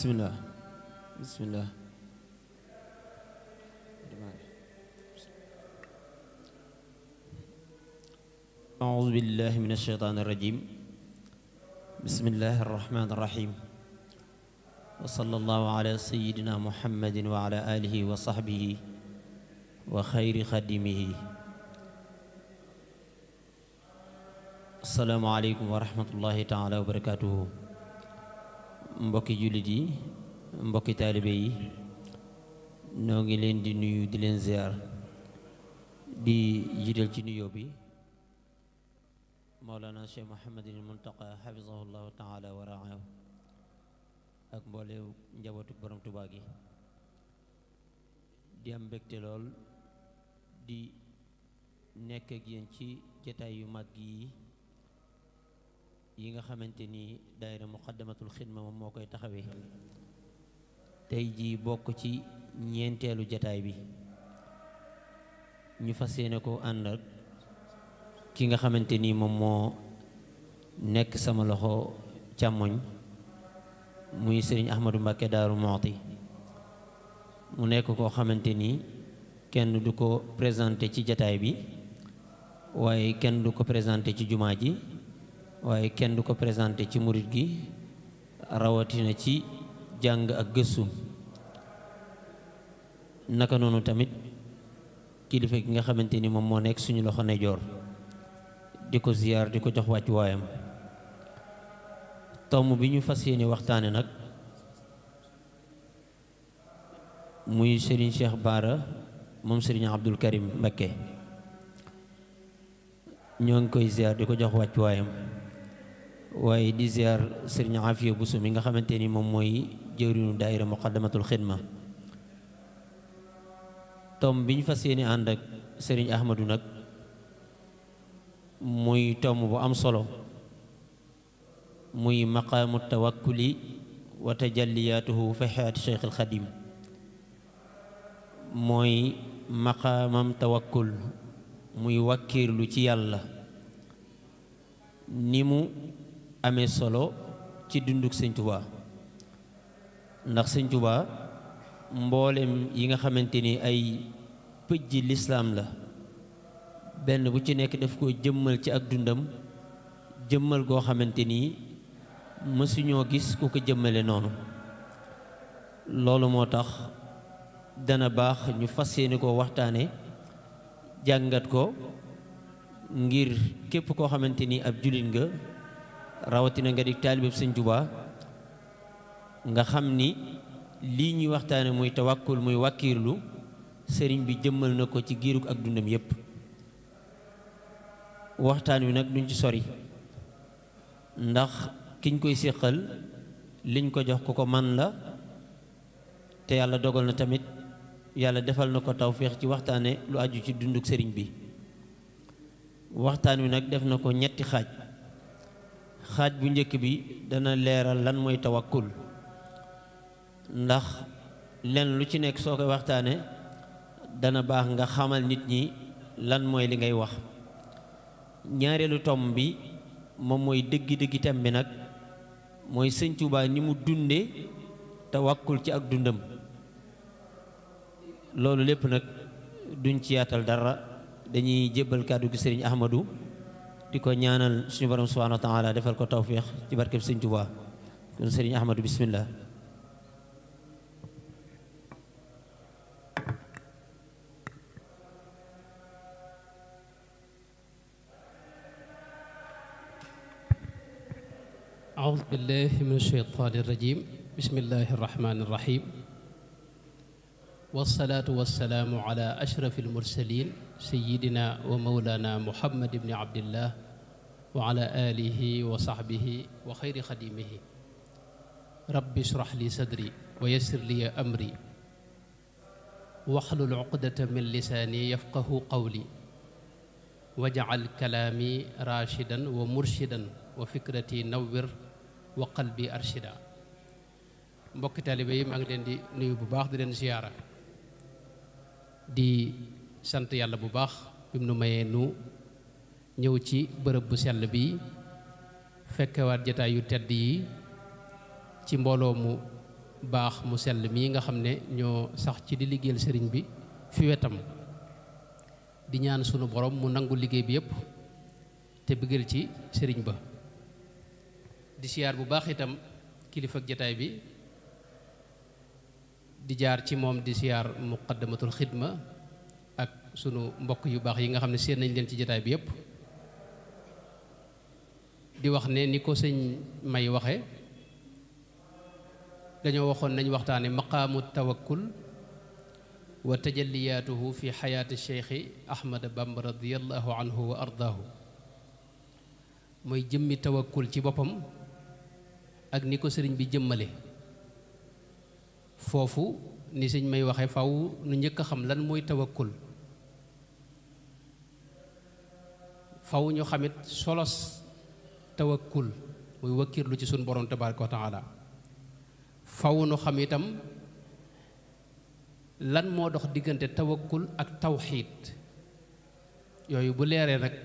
bismillah bismillah أعوذ بالله من الشيطان الرجيم بسم الله الرحمن الرحيم وصلى الله على سيدنا محمد وعلى آله وصحبه وخير خدمه السلام عليكم ورحمة الله تعالى وبركاته mbokki jullit yi mbokki taalibe yi noo ngi leen di nuyu di leen ziar di jiital ci nuyoo bi Mawlana Cheikh Mouhamadul Muntaqa xafizahu llahu taala wa raahu ak mbooleew njabootu borom Tuubaa di am mbégte lool di nekk ak yéen ci jataay yu mag yi yi nga xamante ni daayira muqaddamatul xidma moom moo koy taxawe tey jii bokk ci ñeenteelu jataay bi ñu fa yéene ko ànd ki nga xamante ni moom moo nekk sama loxo càmmoñ muy sëriñ Ahmadou Mbacké Daaru Mooti mu nekk koo xamante ni kenn du ko présenté ci jataay bi waaye kenn du ko présenté ci jumaa ji waaye kenn du ko présenté ci murit gi rawatina ci jàng ak gëstu naka noonu tamit kilifa gi nga xamante ni moom moo nekk suñu loxo ndeyjoor di ko ziyaar di ko jox wàccu waayam tomb bi ñu fas yéene waxtaane nag muy sëriñ Cheikh Bara moom Serigne Abdou Karim Mbacké ñoo ngi koy ziyaar di ko jox wàccu waayam waaye di ziar sëriñ Afiya Buso mi nga xamante ni moom mooy jëwriñu daayira muqaddamatul xidma tom bi ñu fas yéene ànd ak sëriñ Ahmadu nag muy tom bu am solo muy maqaamu tawakkuli wa tajalliyaatuhu fi xayaati Cheikh al mooy maqaamam tawakkul muy wàkkiirlu ci yàlla ni amee solo ci dunduk sëñ ndax sëñ mboolem yi nga xamante ni ay pëj lislaam la benn bu ci nekk daf ko jëmmal ci ak dundam jëmmal goo xamante ni mësuñoo gis ku ko jëmmale noonu loolu moo tax dana baax ñu fas yéene koo waxtaane jàngat ko ngir képp koo xamante ni ab jullit nga rawatina nga di taalibeb sëñ juba nga xam ni lii ñuy waxtaane muy tawakkul muy wàkkiirlu sëriñ bi jëmmal na ko ci giirug ak dundam yépp waxtaan wi nag duñ ci sori ndax kiñ koy séqal liñ ko jox ku ko man la te yàlla dogal na tamit yàlla defal na ko tawféex ci waxtaane lu aju ci dunduk sëriñ bi waxtaan wi nag def na ko ñetti xaaj xaaj bu njëkk bi dana leeral lan mooy tawakkul ndax lenn lu ci nekk soo koy waxtaane dana baax nga xamal nit ñi lan mooy li ngay wax ñaareelu tom bi moom mooy dëggi-dëggi tem bi nag mooy Sëñ Tuubaa ni mu dunde tawakkul ci ak dundam loolu lépp nag duñ ci yaatal dara dañuy jébbal kàddu gi Sëriñ Ahmadou di ko ñaanal suñu borom subhanahu wa taala defal ko tawfiix ci barkeb sëñ Tuubaa kon sëriñ Ahmadu bismillah أعوذ بالله من الشيطان الرجيم بسم الله الرحمن الرحيم wasalaatu wasalaamu ala ashrafi almursalin sayidina wa maulana muhammad ibni abdillah wa ala alihi wa sahbihi wa xayri xadimihi rabbi shrah li sadri wa yassir li amri waxlul uqdata min lisaani yafqahu qawli wajcal kalaami raashidan wa murshidan wa fikrati nawwir wa qalbi arshida mbokki taalibe yi maa ngi leen di nuyu bu baax di leen ziyaara di sant yàlla bu baax bi mu nu mayee nu ñëw ci bërëb bu sell bi fekkewaat jataay yu tedd yi ci mbooloo mu baax mu sell mii nga xam ne ñoo sax ci di liggéeyal sëriñ bi fi wetam di ñaan sunu boroom mu nangu liggéey bi yépp te bëggal ci sëriñ ba di siyaar bu baax itam kilifa jataay bi di jaar ci moom di siyaar muqaddamatul xidma ak sunu mbokk yu baax yi nga xam ne séen nañ leen ci jataay bi yépp di wax ne ni ko sëñ may waxe dañoo waxoon nañ waxtaane maqaamu tawakkul wa tajalliyaatuhu fi xayaati cheikhi ahmada bamba radiallahu anhu wa ardaahu mooy jëmmi tawakkul ci boppam ak ni ko sëriñ bi jëmmale foofu ni sëñ may waxe faw nu njëkk a xam lan mooy tawakkul faw ñu xamit solos tawakkul muy lu ci suñ borom tabaraka wa faw nu xam itam lan moo dox diggante tawakkul ak tawxiid yooyu bu leeree rekk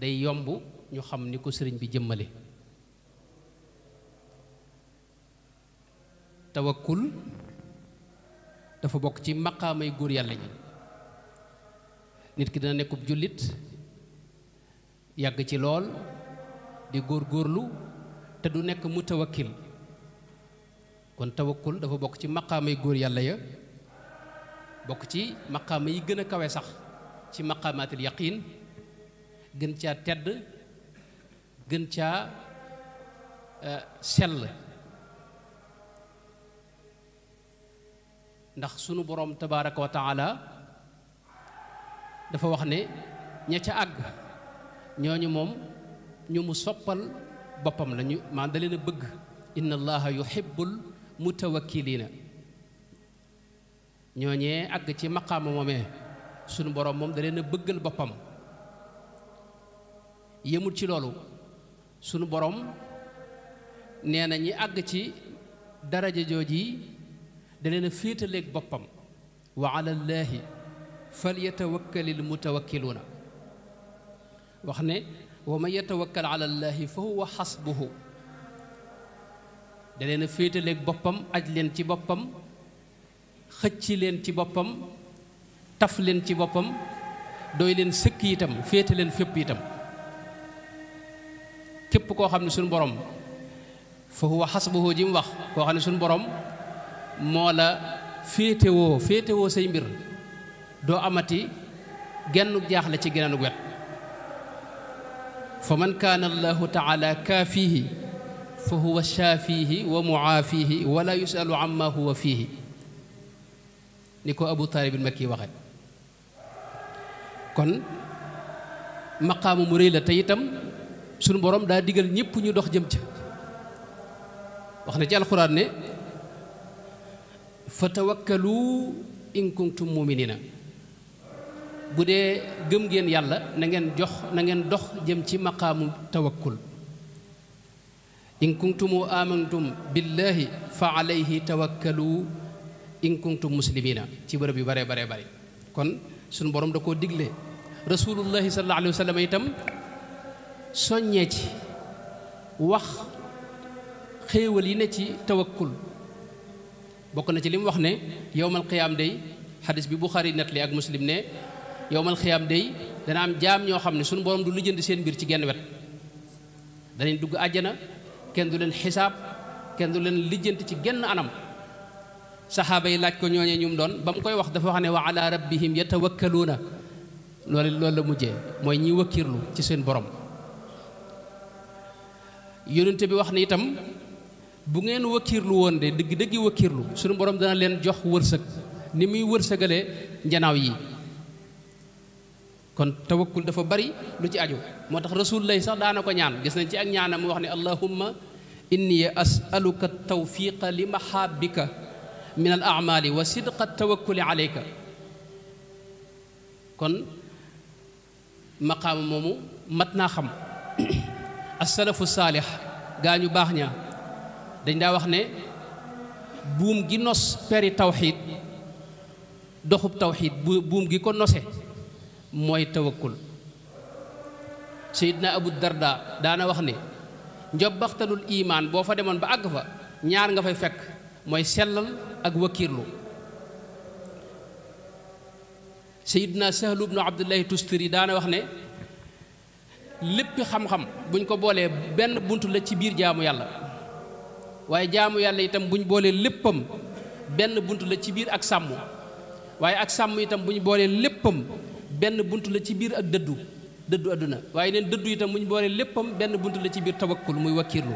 day yomb ñu xam ni ko sëriñ bi jëmmale tawakkul dafa bokk ci maqaamay góor yàlla ñi nit ki dina nekkub jullit yàgg ci lool di góor góorlu te du nekk mu tawakkil kon tawakkul dafa bokk ci maqaamay góor yàlla ya bokk ci maqaama yi gën a kawe sax ci maqaamaatil yaqiin gën caa tedd gën caa eh, sell ndax sunu boroom tabaraka wa taala dafa wax ne ña ca àgg ñooñu moom ñu mu soppal boppam lañu maanaam da leen a bëgg inna allaha yuhibbul mutawakkilina ñooñee àgg ci maqaama sunu boroom moom da leen bëggal boppam yëmul ci loolu sunu boroom nee na ñi àgg ci daraja jooji daleen leen a féetaleeg boppam wa ala llaahi falyatawakkalil mutawakkiluuna wax ne wa man yatawakkal ala llaahi fa huwa xasbuhu da leen a féetaleeg boppam aj leen ci boppam xëcc leen ci boppam taf leen ci boppam doy leen sëkk itam féete leen fépp itam képp koo xam ne sun boroom fa huwa xasbuhu ji mu wax koo xam ne sun boroom moo la féetewoo féetewoo say mbir doo amati gennuk jaaxle ci geneenug wet fa man kaana allahu taala kaafiihi fa huwa shaafiihi wa muaafiihi wala yusalu amma huwa fiihi ni ko abu taalibin makki waxe kon maqaamu mu réy la te itam sunu borom daa digal ñëpp ñu dox jëm ca wax na ci alxuraan ne fa tawakkalu in kuntum bu dee gëm ngeen yàlla na ngeen jox na ngeen dox jëm ci maqaamu tawakkul in kuntumu amantum billahi fa alayhi tawakkalu in kuntum ci bërëb yu bare bare bare kon sunu borom da koo digle rasulullahi sallallahu alayhi itam soññee ci wax xéewal yi ne ci tawakkul bokk na ci li mu wax ne yowmal xiyaam day xadis bi Buxaari net li ak muslim ne yowmal xiyaam day dana am jaam ñoo xam ne suñ borom du lijjanti seen mbir ci genn wet danañ dugg àjjana kenn du leen xisaab kenn du leen lijjanti ci genn anam saxaaba yi laaj ko ñooñee ñu mu doon ba mu koy wax dafa wax ne wa ala rabbihim yatawakkaluuna loolu loolu la mujjee mooy ñi wakkirlu ci seen borom yonente bi wax ne itam bu ngeen wakiirlu woon de dëgg dëggi wakiirlu suñu boroom dana leen jox wërsëg ni muy wërsëgalee njanaaw yi kon tawakkul dafa bari lu ci aju moo tax rasul lay sax daana ko ñaan gis nañ ci ak ñaanam mu wax ne allahumma inni as'aluka tawfiqa li mahabbika min al amali wa sidqa tawakkuli alayka kon maqaama moomu mat naa xam asalafu saalix gaa ñu baax ñaa dañ daa wax ne buum gi nos peri tawxiid doxub tawxiid buum gi ko nose mooy tawakkul sayidna abu darda daana wax ne njobbaxtalul imaan boo fa demoon ba àgg fa ñaar nga fay fekk mooy sellal ak wakiirlu sayidna sahlu bnu abdullahi tustari daana wax ne lépp xam-xam buñ ko boolee benn bunt la ci biir jaamu yàlla waaye jaamu yàlla itam bu ñu boolee léppam benn bunt la ci biir ak sàmm waaye ak sàmm itam buñ ñu boolee léppam benn bunt la ci biir ak dëddu dëddu àdduna waaye neen dëddu itam bu ñu boolee léppam benn bunt la ci biir tawakkul muy wakkirlu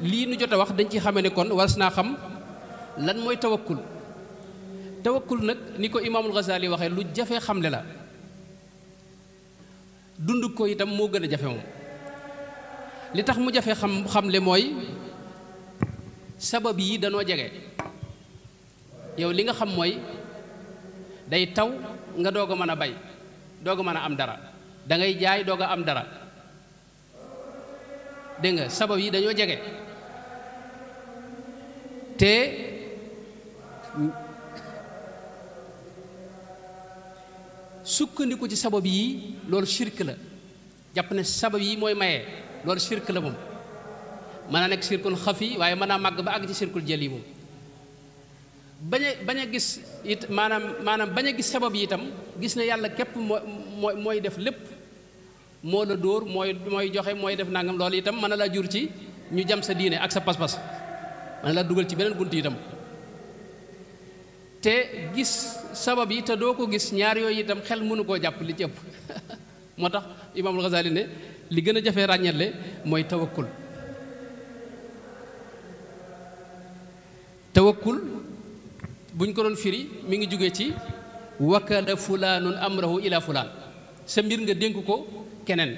lii nu jot a wax dañ ci xame ne kon waras naa xam lan mooy tawakkul tawakkul nag ni ko imaamul Ghazali waxee lu jafe xamle la dund ko itam moo gën a jafe moom li tax mu jafe xam xam xamle mooy sabab yii danoo jege yow li nga xam mooy day taw nga doo a mën a bay doo a mën a am dara da ngay jaay doog a am dara dégg nga sabab yi dañoo jege te sukkandiku ci sabab yi loolu shirk la jàpp ne sabab yi mooy maye. loolu shirk la moom mën a nekk shirkul xafi waaye mën naa màgg ba àgg ci shirkul jëli moom bañ a bañ a gis it maanaam maanaam bañ a gis sabab yi itam gis ne yàlla képp moo mooy def lépp moo la dóor mooy mooy joxe mooy def nangam loolu itam mën na laa jur ci ñu jam sa diine ak sa paspas man mën na laa dugal ci beneen bunt itam te gis sabab yi te doo ko gis ñaar yooyu itam xel mënu koo jàpp li ci moo tax imaamul Ghazali ne li gën a jafe ràññetle mooy tawakkul tawakkul buñ ko doon firi mi ngi jóge ci wakkala fulaanun amrahu ila fulaan sa mbir nga dénk ko keneen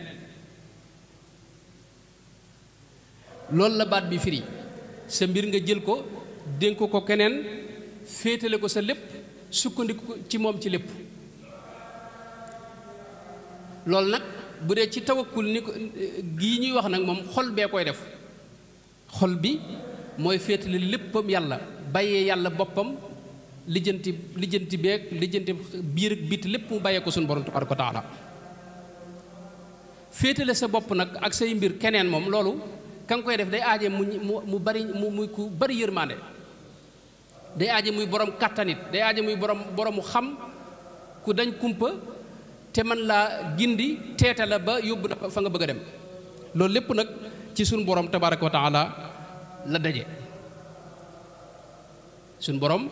loolu la baat bi firi sa mbir nga jël ko dénk ko keneen féetale ko sa lépp sukkandiku ci moom ci lépp loolu nag bu dee ci tawakkul ni ko gii ñuy wax nag moom xol bee koy def xol bi mooy féetale léppam yàlla bàyyee yàlla boppam lijjanti lijjanti beek lijjanti biir ak biit lépp mu bàyyee ko suñu borom tabaaraka wa taala féetale sa bopp nag ak say mbir keneen moom loolu ka nga koy def day aaje mu mu bari mu muy ku bari yërmaande day aaje muy borom kàttanit day aaje muy borom boromu xam ku dañ kumpa te man laa gindi teeta ba yóbbu la fa nga bëgg a dem loolu lépp nag ci suñu borom tabaraka wa taala la daje suñu boroom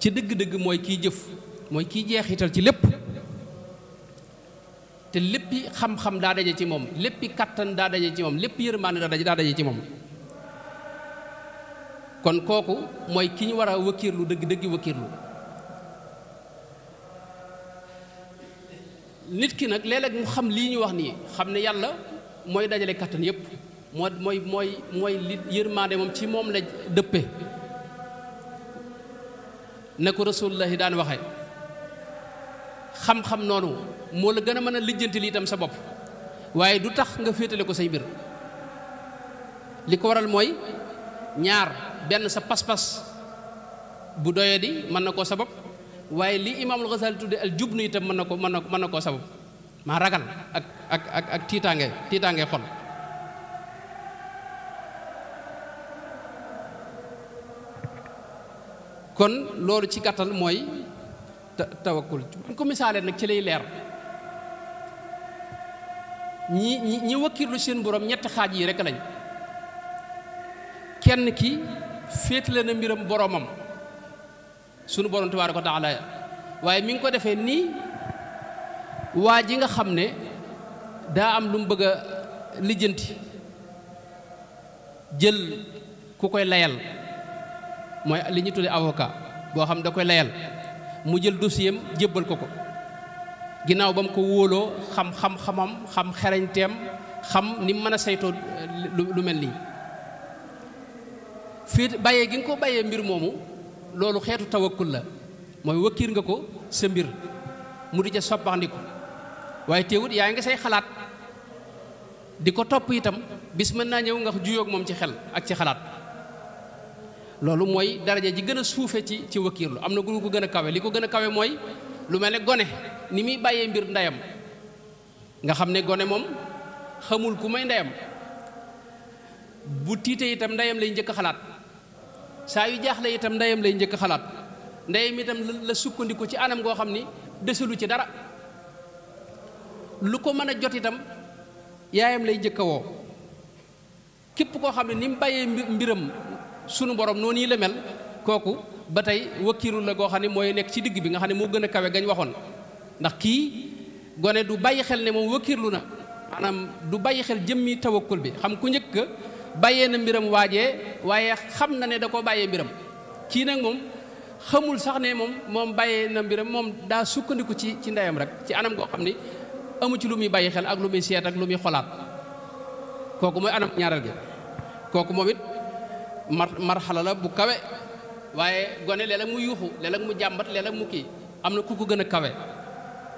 ci dëgg-dëgg mooy kii jëf mooy kii jeexital ci lépp te léppi xam-xam daa daje ci moom léppi kàttan daa daje ci moom lépp yërmaane daa daje daa daje ci moom kon kooku mooy kii ñu war a wëkkiirlu dëgg-dëgg wëkkiirlu nit ki nag léeg mu xam lii ñu wax nii xam ne yàlla mooy dajale kattan yépp moo mooy mooy mooy li yërmaande moom ci moom la dëppe ne ko rasulullahi daan waxee xam-xam noonu moo la gën a mën a lijjanti li itam sa bopp waaye du tax nga féetale ko say mbir li ko waral mooy ñaar benn sa pas-pas bu doyadi mën na koo sabab waaye li imaamul Ghazali tudde al jubnu itam mën na ko mën na ko na koo sabab maa ragal ak ak ak ak tiitaange tiitaange kon loolu ci gàttal mooy tawakkul buñ ko misaalee nag ci lay leer ñii ñi ñi wakkirlu seen borom ñetti xaaj yi rek lañ kenn ki féetale na mbiram boromam sunu borom tabaaraka wa taala waaye mi ngi ko defee nii waa ji nga xam ne daa am lu mu bëgg a lijjanti jël ku koy layal mooy li ñu tuddee avocat boo xam da koy layal mu jël dossier am jébbal ko ko ginnaaw ba mu ko wóoloo xam xam xamam xam xereñteem xam ni mu mën a seytoo lu mel nii fii bàyyee gi nga ko mbir moomu loolu xeetu tawakkul la mooy wakkiir nga ko sa mbir mu di ca soppandiku waaye teewut yaa ngi say xalaat di ko topp itam bis mën naa ñëw nga juyoog moom ci xel ak ci xalaat loolu mooy daraja ji gën a suufe ci ci wakkiirlu am na guru ko gën a kawe li ko gën a kawe mooy lu mel ne gone ni muy bàyyee mbir ndeyam nga xam ne gone moom xamul ku may ndeyam bu tiitee itam ndeyam lay njëkk a xalaat saa yu jaaxle itam ndeyam lay njëkk xalaat ndeyam tam la sukkandiku ci anam goo xam ni desulu ci dara lu ko mën a jot itam yaayam lay njëkk a woo képp koo xam ne ni mu bàyyee mbiram sunu borom noonu yi la mel kooku ba tey wakkiiru la goo xam ne mooy nekk ci digg bi nga xam ne moo gën a kawe gañ waxoon ndax kii gone du bàyyi xel ne moom wakkiirlu na maanaam du bàyyi xel jëmmi tawakkul bi xam ku njëkk bàyyee na mbiram waaje waaye xam na ne da koo bàyyee mbiram kii nag moom xamul sax ne moom moom bàyyee na mbiram moom daa sukkandiku ci ci ndeyam rek ci anam goo xam ni amu ci lu muy bàyyi xel ak lu muy seet ak lu muy xolaat kooku mooy anam ñaareel gi kooku moom it mar bu kawe waaye gone léeg-léeg mu yuuxu léeg mu jàmbat léeg-léeg mu kii am na ku ko gën a kawe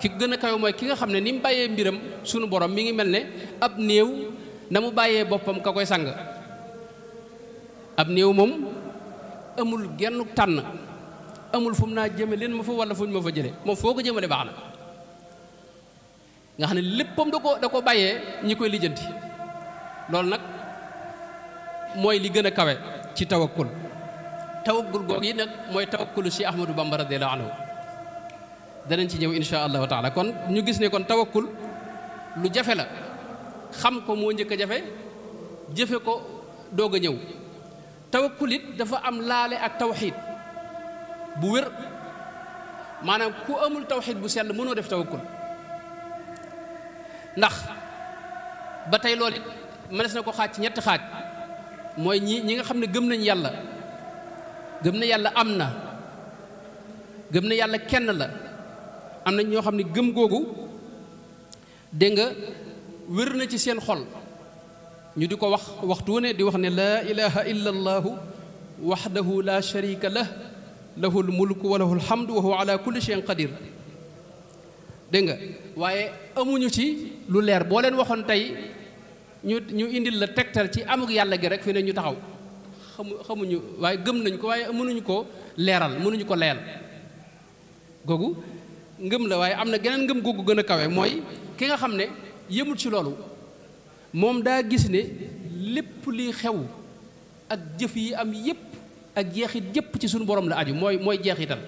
ki gën a kawe mooy ki nga xam ne ni mu bàyyee mbiram sunu borom mi ngi mel ne ab néew na mu bàyyee boppam ka koy sang ab néew moom amul genn tànn amul fu mu naa jëme leen ma fa wala fuñ ma fa jële moom foo ko jëmale baax na nga xam ne léppam da ko da ko bàyyee ñi koy lijjanti loolu nag mooy li gën a kawe ci tawakkul tawakkul goog yi nag mooy tawakkulu si Ahmadou Bamba radiyallahu anhu danañ ci jëw insha allahu taala kon ñu gis ne kon tawakkul lu jafe la xam ko moo njëkk jafe jëfe ko doog a ñëw tawakkul it dafa am laale ak tawxiid bu wér maanaam ku amul tawxiit bu sell mënoo def tawakkul ndax ba tey lool it mënees na ko xaaj ci ñetti xaaj mooy ñii ñi nga xam ne gëm nañ yàlla gëm na yàlla am na gëm na yàlla kenn la am na ñoo xam ne gëm googu dégg wér na ci seen xol ñu di ko wax waxtu wu ne di wax ne laa ilaha illa allahu waxdahu la sharika la lahu lmulku wa lahu lhamdu wa huwa ala kulli dégg nga waaye amuñu ci lu leer boo leen waxoon tey ñu ñu indil la tegtal ci amag yàlla gi rek fi ne ñu taxaw xamu xamuñu waaye gëm nañ ko waaye mënuñu ko leeral mënuñu ko leel googu ngëm la waaye am na geneen ngëm googu gën a kawe mooy ki nga xam ne yëmul ci loolu moom daa gis ne lépp li xew ak jëf yi am yépp ak jeexit yépp ci suñu borom la aju mooy mooy jeexital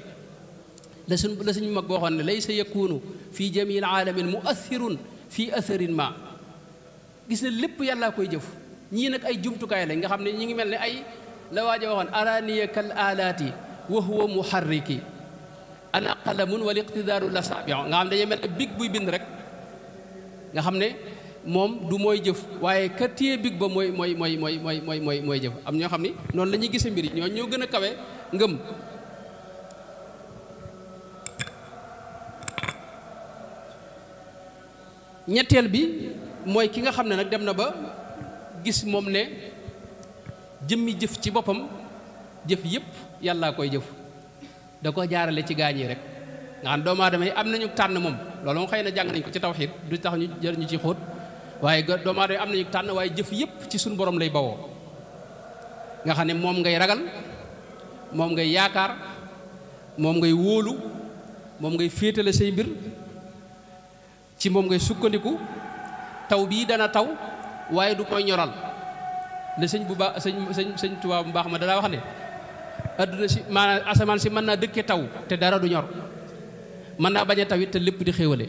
la suñ la suñu mag boo xam ne laysa yakunu fi jamil alamin muathirun fi atharin ma gis ne lépp yàllaa koy jëf ñii nag ay jumtukaay lañ nga xam ne ñi ngi mel ne ay la waaja waxoon araniya kal alaati wa huwa muharriki ana wal iqtidaaru la saabion nga xam ne dañuy mel ne big buy bind rek nga xam ne moom du mooy jëf waaye quartier big ba mooy mooy mooy mooy mooy mooy mooy mooy jëf am ñoo xam ni noonu lañuy ñuy mbir yi ñoo ñoo gën a kawe ngëm ñetteel bi mooy ki nga xam ne nag dem na ba gis moom ne jëmmi jëf ci boppam jëf yépp yàllaa koy jëf da ko jaarale ci gaañ yi rek nga xam doomu aadama yi am nañu tànn moom loolu moom xëy na jàng nañ ko ci tawxiid du tax ñu jër ñu ci xóot waaye doomu aadama yi am nañu tànn waaye jëf yëpp ci suñu borom lay bawoo nga xam ne moom ngay ragal moom ngay yaakaar moom ngay wóolu moom ngay féetale say mbir ci moom ngay sukkandiku taw bii dana taw waaye du koy ñoral ne sëñ bu baax sëñ sëñ sëñ Tuubaa bu baax ma danaa wax ne adduna si maanaam asamaan si mën naa dëkke taw te dara du ñor mën naa bañ a tawit te lépp di xéewale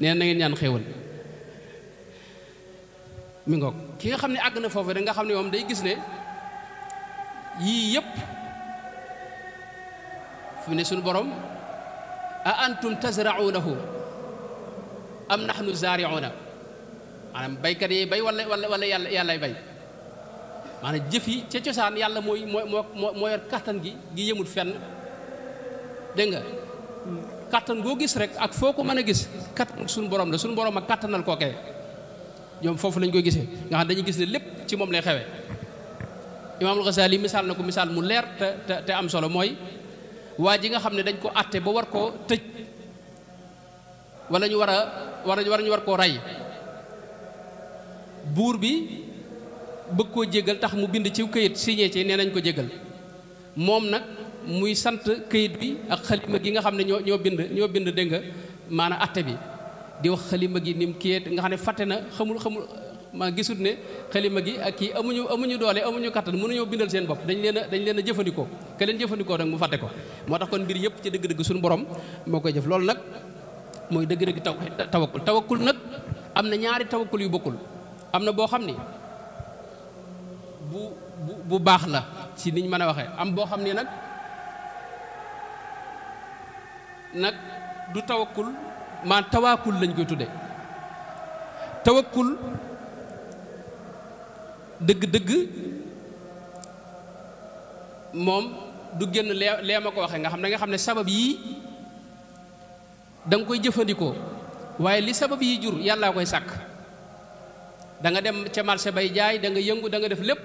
nee na ngeen ñaan xéewal mi ngoog ki nga xam ne àgg na foofu da nga xam ne moom day gis ne yii yëpp fu ne suñu boroom a antum tasraunahu am nahnu zaariuuna maanaam baykat yi bay wala wala wala yàlla yàllay bay maanaam jëf yi ca cosaan yàlla mooy moo moo moo yor kattan gi gi yëmul fenn dégg kàttan goo gis rek ak foo ko mën a gis kattan suñu borom la suñu borom ak kattanal kookee ñoom foofu lañ koy gisee nga xam dañuy gis ne lépp ci moom lay xewee imaamul Xasaali misaal na ko misaal mu leer te te am solo mooy waa ji nga xam ne dañ ko àtte ba war ko tëj wala ñu war a war ñu war koo rey buur bi bëgg koo jégal tax mu bind ci këyit signé ci nee nañ ko jégal moom nag muy sant këyit bi ak xalima gi nga xam ne ñoo ñoo bind ñoo bind dégg nga maanaam atte bi di wax xalima gi ni mu kiyee nga xam ne fàtte na xamul xamul maa gisut ne xalima gi ak kii amuñu amuñu doole amuñu kattan mënuñoo bindal seen bopp dañ leen a dañ leen a jëfandikoo ke leen jëfandikoo nag mu fàtte ko moo tax kon mbir yëpp ci dëgg-dëgg suñu borom moo koy jëf loolu nag mooy dëgg-dëgg taw tawakkul tawakkul nag am na ñaari tawakkul yu bokkul am na boo xam ni bu bu baax la ci niñ mën a waxee am boo xam ni nag nag du tawakkul maa tawaakul lañ koy tudde tawakkul dëgg-dëgg moom du génn lee lee ma ko waxe nga xam da nga xam ne sabab yii danga koy jëfandikoo waaye li sabab yi jur yàllaa koy sàkk danga dem ca marché bay jaay da nga yëngu danga def lépp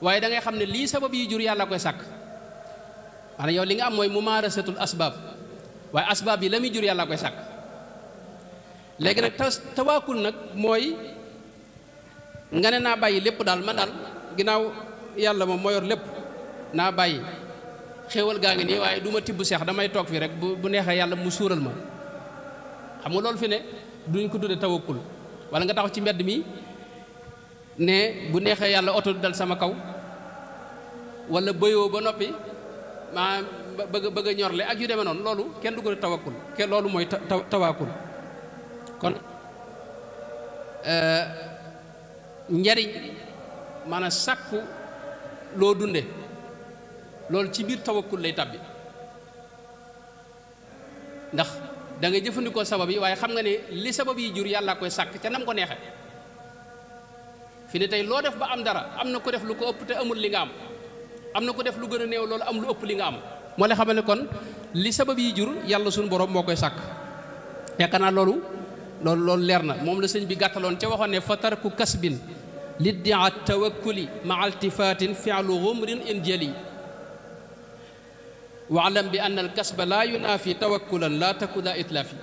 waaye dangay xam ne lii sabab yi jur yàllaa koy sàkk maanaam yow li nga am mooy mumaarasatul asbaab waaye asbaab yi la muy jur yàlla koy sàkk léegi nag tas tawaakul nag mooy nga ne naa bàyyi lépp daal ma daal ginnaaw yàlla moom moo yor lépp naa bàyyi xéewal gaa ngi nii waaye duma ma tibb seex damay toog fi rek bu bu neexee yàlla mu suural ma xam nga loolu fi ne duñ ko du tuddee tawakkul wala nga taxaw ci mbedd mi ne bu neexee yàlla oto dal sama kaw wala bëyoo ba noppi maanaam bëgg bëgg a ñorle ak yu demee noonu loolu kenn du ko tawakul kenn loolu mooy ta tawakkul kon euh, njariñ maanaam sàkku loo dunde loolu ci biir tawakul lay tàbbi ndax dangay jëfandikoo sabab yi waaye xam nga ne li sabab yi jur yàlla koy sàkk ca nam ko neexe fi ne tey loo def ba am dara am na ko def lu ko ëpp te amul li nga am am na ko def lu gën a néew loolu am lu ëpp li nga am moo lay xamal ne kon li sabab yi jur yàlla suñu borom moo koy sàkk yaakaar naa loolu loolu leer na moom la sëñ bi gàttaloon ca waxoon ne fa tarku kasbin liddia tawakkuli ma altifatin fialu xumrin in jëli waalam bi ann alkasba laa yunaafi tawakkulan laa takku itlaafi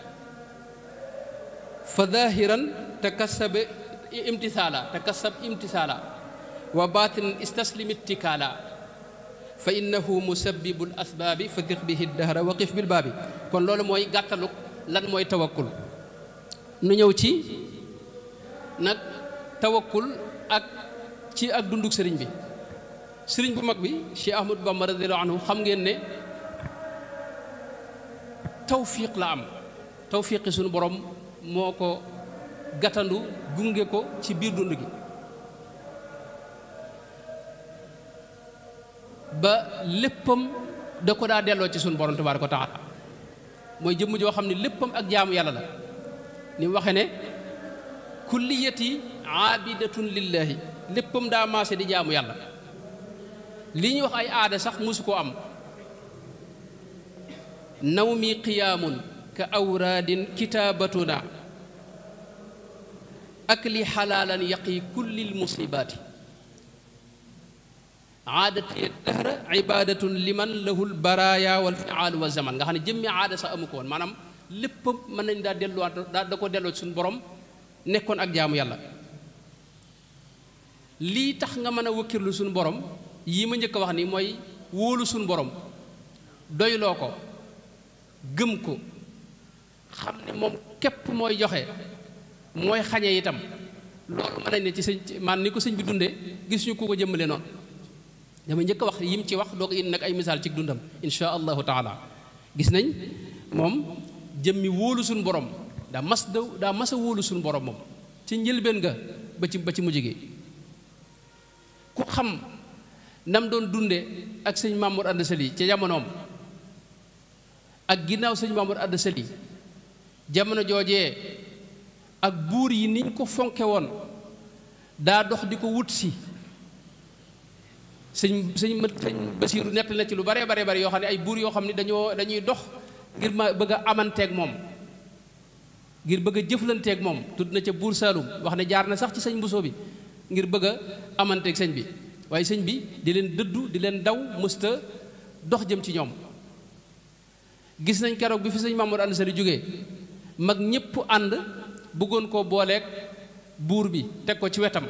fa zahiran takasaba imtisaala takasab imtisaala wa baatinan istaslim ittikaala fa innahu musabbibul asbaabi fa qif bihi dahra wa qif bil bi kon loolu mooy gàttaluk lan mooy tawakkul nu ñëw ci nag tawakkul ak ci ak dunduk sëriñ bi sëriñ bu mag bi Cheikh Ahmadou Bamba radiyallahu anhu xam ngeen ne tawfiq la am tawfiqi sunu borom moo ko gàttandu gunge ko ci biir dund gi ba léppam da ko daa delloo ci sunu borom tabaaraka wa taala mooy jëmm joo xam ne léppam ak jaamu yàlla la ni wax ne kulliyati aabidatun lillaahi léppam daa maase di jaamu yàlla li ñuy wax ay aada sax mosu koo am naw mi qiyaamun ka awraadin kitaabatuna ak li xalaalan yaqi kullil musibaati aadati dahra ibadatun liman lahul baraya wal fiaal wa zaman nga xam ne jëmmi aada sax amu ko maanaam lépp mën nañ daa delluwaat daa da ko delloo ci suñu borom nekkoon ak jaamu yàlla lii tax nga mën a wëkkirlu suñu borom yii ma njëkk a wax ni mooy wóolu suñu borom doyloo ko gëm ko xam ne moom képp mooy joxe mooy xañe itam loolu mën nañ ne ci sëñ man ni ko sëñ bi dundee gis ñu ku ko jëmmale noonu dama njëkk a wax yim ci wax doo ko indi nag ay misaal ci dundam insha allahu taala gis nañ moom jëmmi wóolu suñ borom daa mas da daa mas a wóolu suñu borom moom ci njëlbéen ga ba ci ba ci mujj gi ku xam nam doon dunde ak sëñ Mamour Ande Sali ca jamonoom ak ginnaaw sëñ Mamour Ande Sali jamono joojee ak buur yi niñ ko fonke woon daa dox di ko wut si sëñ sëñ ma sëñ Basiiru nett na ci lu bare bare bare yoo xam ne ay buur yoo xam ne dañoo dañuy dox ngir ma bëgg a amanteeg moom ngir bëgg a jëflanteeg moom tudd na ca buur Saalum wax ne jaar na sax ci sañ Bousso bi ngir bëgg a amanteeg sëñ bi waaye sëñ bi di leen dëddu di leen daw mësta dox jëm ci ñoom gis nañ keroog bi fi sëñ Mamour Anta Sali jóge mag ñépp ànd bëggoon koo booleek buur bi teg ko ci wetam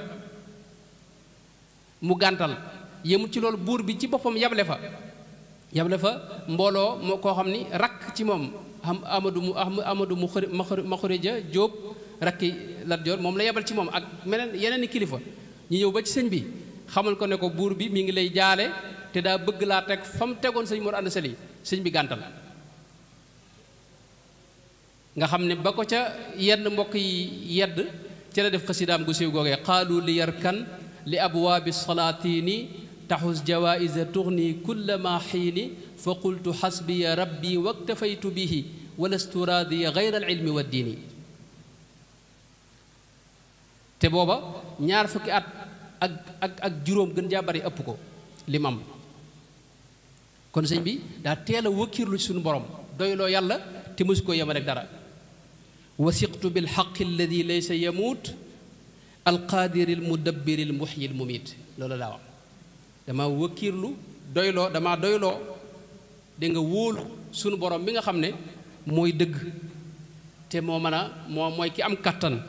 mu gàntal yemul ci loolu buur bi ci boppam yable fa yable fa mbooloo moo koo xam ni rakk ci moom am Amadou mu Amadou mu xëri ma xërija Jóob moom la yebal ci moom ak meneen yeneen i kilifa ñu ñëw ba ci sëñ bi xamal ko ne ko buur bi mi ngi lay jaale te daa bëgg laa teg fa mu tegoon sëñ Mor Anta Sali sëñ bi gàntal nga xam ne ba ko ca yenn mbokk yi yedd ci la def xasidaam gu siiw googee qaalu li yarkan li abwaabi salaatini taxus jawaïsa turni kulla ma xiini fa qultu xasbiya rabbi waktafaytu bihi walastu raadiya gayra alilmi wa diini booba ñaar fukki at ëpp ko limam kon sëñ bi daa teel a wëkkiirlu suñu borom doyloo yàlla te mësu ko yema rek dara wasiqtu bilxaqi alladi laysa yamuut alqaadiri almudabbiri almuxyi almumiit loolu laa dama wëkkiirlu doyloo dama doyloo di nga wóolu sunu borom bi nga xam ne mooy dëgg te moo mën a moo mooy ki am kàttan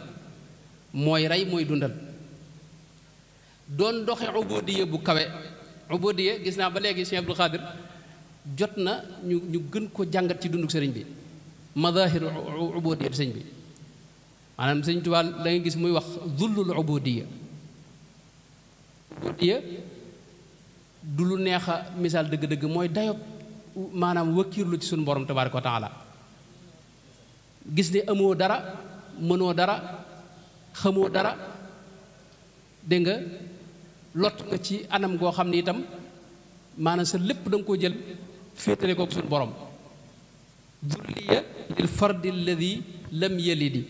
mooy rey mooy dundal doon doxe ubudiya bu kawe ubudiya gis naa ba léegi Cheikh Abdou Khadir jot na ñu ñu gën ko jàngat ci dundu sëriñ bi madahir ubudiya sëriñ bi maanaam sëriñ Tuubaa da nga gis muy wax zullul ubudiya du lu neex a misaal dëgg-dëgg mooy dayob maanaam wëkkiirlu ci suñu borom tabaaraka wa gis ne amoo dara mënoo dara xamoo dara dégg nga lot nga ci anam goo xam ne itam maanaam sa lépp danga ko jël féetale kook suñu borom durriya lil fardi alladi lam yalidi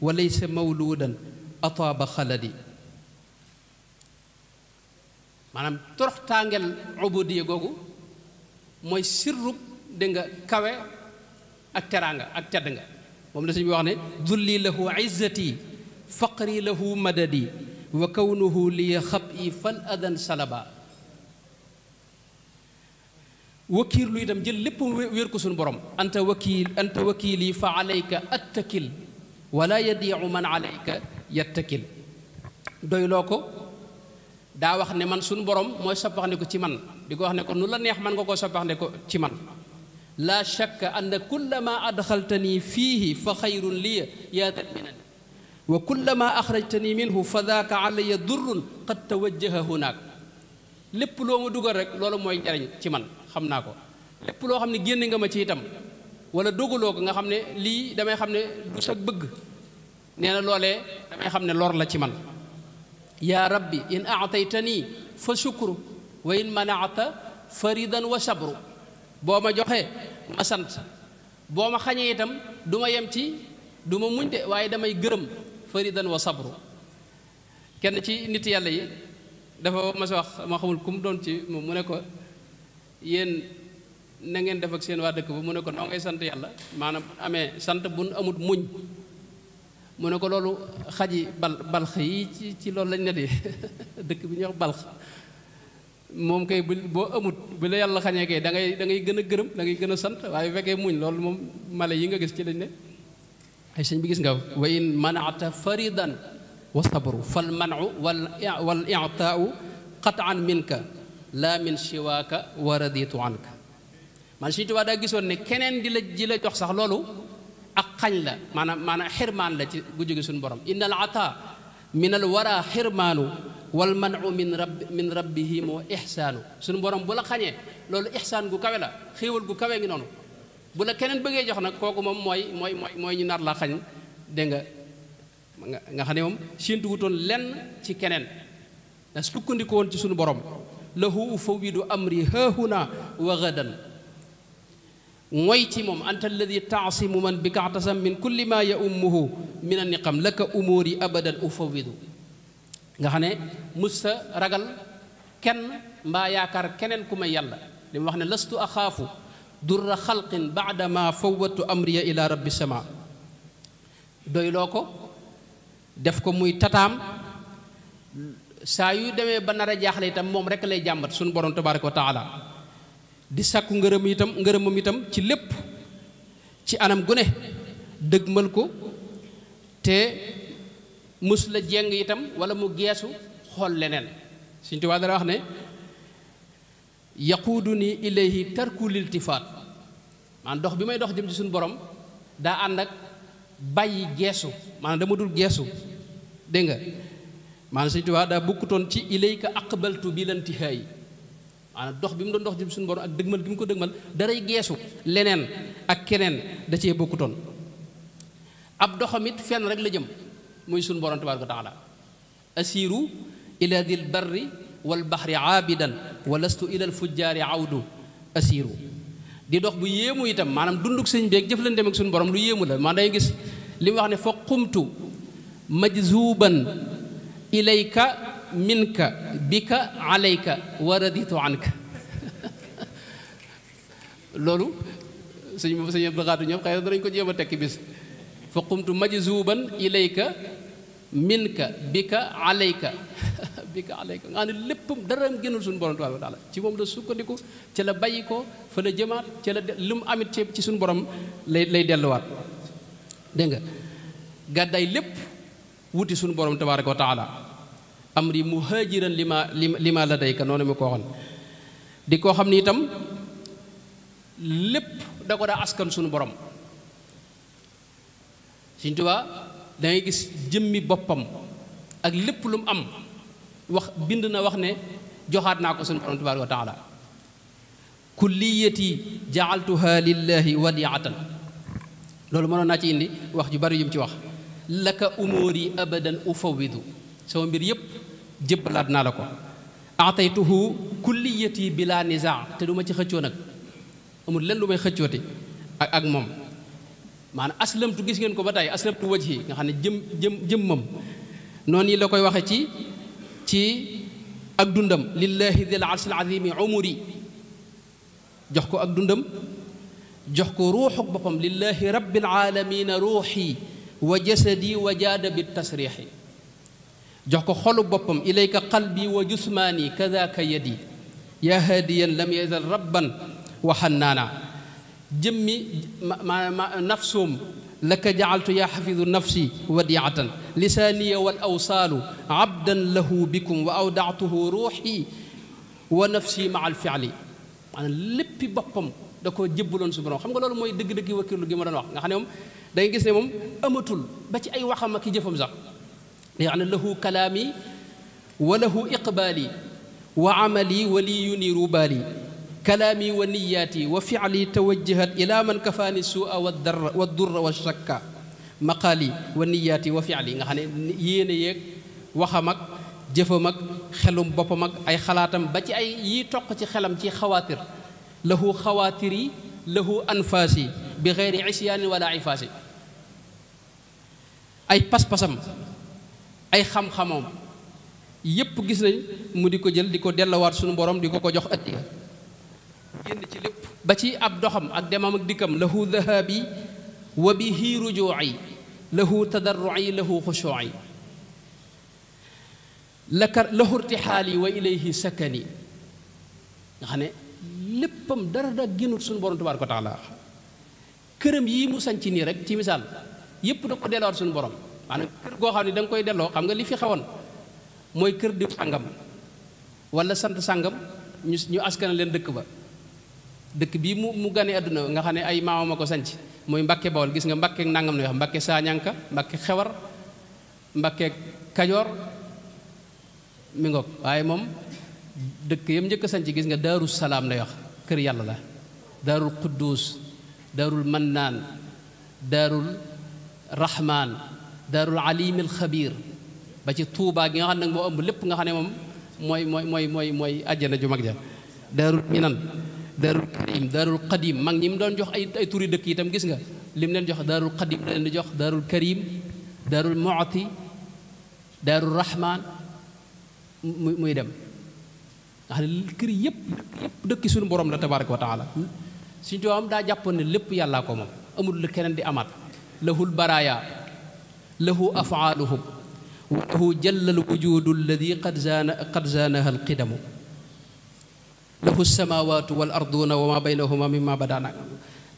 wa laysa mawluudan ataaba xaladi maanaam toroxtaangeel ubudiya googu mooy sirrub dégg nga kawe wax ne dulli lahu izzati faqri lahu madadi wa kawnuhu li xab i fal adan salaba wakiir lu itam jël lépp wéer ko suñu borom anta wakiili fa alayka attakil wala yadiu man alayka yattakil doyloo ko daa wax ne man suñu borom mooy sappaxnde ko ci man di ko wax ne ko nu la neex man nga koo soppaxnde ko ci man la shakka anna kullama adxaltani fii fa xayrun liya yaa dal minan wa kullama axrajtani minhu fa daaka alayya durrun qad tawajjaha hunaak lépp loo dugal rek loolu mooy njariñ ci man xam naa ko lépp loo xam ne génn nga ma ci itam wala dogaloo ko nga xam ne lii damay xam ne du sag bëgg nee na loole damay xam ne lor la ci man yaa rabbi in aataytanii fa shukru wa in manaata faridan wa sabru boo ma joxee ma sant boo ma xañee itam du yem ci duma ma muñ de waaye damay gërëm faridan wa sabru kenn ci nit yàlla yi dafa ma si wax ma xamul ku mu doon ci moom mu ne ko yéen nangeen ngeen def ak seen waa dëkk ba mu ne ko noo ngay sant yàlla maanaam amee sant bu amut muñ mu ne ko loolu xaji bal balx yi ci ci loolu lañ ne de dëkk bi ñuy wax balx moom kay bu boo amut bu la yàlla xañee kay da ngay da ngay gën gërëm da ngay gën a sant waaye bu fekkee muñ loolu moom mala yi nga gis ci lañ ne ay sëñ bi gis nga wa in manaata faridan wa sabru fa manu wal wal minka laa min wa raditu anka daa gisoon ne keneen di la ji la jox sax loolu ak xañ la maanaam maanaam xirmaan la ci gu jóge suñu borom innal ataa min al wara xirmaanu wal manu min rab min rabbihi moo ixsaanu suñu borom bu la xañee loolu ixsaan gu kawe la xéewal gu kawe ngi noonu bu la keneen bëggee jox nag kooku moom mooy mooy mooy ñu nar la xañ dégg nga nga xam ne moom séentuwutoon lenn ci keneen da sukkandiku ci sunu borom lahu ufawwidu amri haahuna wa gadan mooy ci moom anta alladi taasimu man bi kaxtasam min kulli ma ya ummuhu min an niqam laka umuri abadan ufawidu nga xam ne musta ragal kenn mbaa yaakaar keneen ku ma yàlla li mu wax ne lastu axaafu durra xalqin baadama fawwatu amriya ila rabbi sama doyloo ko def ko muy tataam saa yu demee ba nar a jaaxle itam moom rek lay jàmbat suñu borom tabaraka wa taala di sàkku ngërëm itam ngërëmam itam ci lépp ci anam gu ne dëgmal ko te mus la jeng itam wala mu geesu xool leneen Sëñ Tuubaa dara wax ne yaquuduni ilayhi tarku liltifaat maanaam dox bi may dox jëm ci suñu borom daa ànd ak bàyyi geesu maanaam dama dul geesu dégg nga maanaam Sëñ Tuubaa daa bukkutoon ci ilayka aqbaltu bi lantihaayi maanaam dox bi mu doon dox jëm suñu borom ak dëgmal bi mu ko dëgmal daray geesu leneen ak keneen da cee bokkutoon ab doxam it fenn rek la jëm muy suñu borom tabaaraka wa taala asiiru ila dil barri wal baxri aabidan wa lastu ila al fujjaari awdu asiiru di dox bu yéemu itam maanaam dunduk sëñ beeg jëflanteem ak suñu borom lu yéemu la maanaam day gis li mu wax ne fa qumtu majzuban ilayka minka bika alayka wa raditu anka loolu sëñ sëñ Abdou Khadre ñoom xëy na danañ ko jéem a tekki bis fa qumtu majzuban ilayka minka bika alayka bika alayka nga xam ne léppam dara génnul suñu borom tabaaraka wa ci moom la sukkandiku ca la bàyyi ko fa la jëmaat ca la lu mu amit ci suñu borom lay lay delluwaat dégg nga gàddaay lépp wuti suñu borom tabaaraka wa amri muhajiran lima lima ladayka noonu mi ko waxoon di koo xam ni itam lépp da ko daa askan suñu borom Sëñ Tuubaa da boppam ak lépp lu am wax bind na wax ne joxaat naa ko suñu borom tabaaraka wa taala kulliyati jaaltuha lillahi wadiatan loolu mënoon naa ci indi wax ju bari yum ci wax laka umóor yi abadan ufawidu sama mbir yépp jébbalaat naa la ko ataytuhu kulliyati bila nizaa te du ci xëccoo nag amul lenn lu may xëccooti ak ak moom maanaam aslamtu gis ngeen ko ba tey aslamtu wajhi nga xam ne jëm jëm jëm moom noonu yi la koy waxe ci ci ak dundam lillahi dil arsil azimi umuri jox ko ak dundam jox ko ruuxuk boppam lillahi rabbil alamina ruuxi wa jasadi wa jaada bi tasriixi jox ko xolu boppam ilayka qalbi wa jusmaani kadaka yadi yaa hadiyan lam yazal rabban wa xannaana jëmmi ma ma nafsuum laka jacaltu yaa xafidu nafsi wadiatan lisaaniya wal awsaalu abdan lahu bikum wa awdactuhu ruuxi wa nafsi ma al fiali maanaam léppi boppam da ko jébbaloon su borom xam nga loolu mooy dëgg-dëgg wakiirlu gi ma doon wax nga xam ne moom da ngay gis amatul ba ci ay waxam ak i jëfam ya'la lahu kalaami wa lahu iqbaali wa amali wa li yuniru baali kalaami wa niyaati wa ficli tawajjahat ila man kafaani suua wa durra wa shakka maqaali wa niyaati wa ficli nga xam ne yéene yeeg waxam ak xelum boppam ay xalaatam ba ci ay yi toq ci xelam ci xawaatir lahu xawaatiri lahu anfaasi bi xeyri isyaanin wala ifaasi ay pas ay xam-xamam yépp gis nañ mu di ko jël di ko dellowaat suñu borom di ko ko jox addiya génn ci lépp ba ci ab doxam ak demam ak dikkam lahu dhahabi wa bihi ruju'i lahu tadarru'i lahu khushu'i laka lahu irtihaali wa ilayhi sakani nga xam ne léppam dara da génnut suñu borom ko wa taala këram yii mu sañc nii rek ci misaal yépp da ko dellowaat suñu borom maanaam kër goo xam ne da koy delloo xam nga li fi xewoon mooy kër diw sàngam walla sant sàngam ñu ñu askana leen dëkk ba dëkk bii mu mu gane àdduna nga xam ne ay maamam a ko sanc mooy mbakke Bawol gis nga Mbàkke nangam na wax Mbàkke Saañanka Mbàkke Xewar Mbàkke Kajoor mi ngoog waaye moom dëkk yam njëkk a sanc gis nga Daaru Salaam lay wax kër yàlla la Daarul Quddus Daarul Mannaan Daarul Rahmaan daarul alim al xabiir ba ci tuubaa gi nga xam ne nag moo ëmb lépp nga xam ne moom mooy mooy mooy mooy mooy àjjana ju mag ja daarul minan daarul karim daarul qadim mag ñi mu doon jox ay ay turi dëkk itam gis nga lim leen jox daarul qadim di jox daarul karim daarul mu'ti daarul rahman muy muy dem nga xam ne kër yëpp yëpp dëkki suñu borom la tabaraka wa taala suñu tubaab daa jàppoon ne lépp yàllaa ko moom amul lu keneen di amaat lahul baraaya lahu afaaluhum wa lahu jalla alwujudu alladi qad zaana qad zaanaha alqidamu lahu alsamawatu wal arduuna wa ma baynahuma mimma badana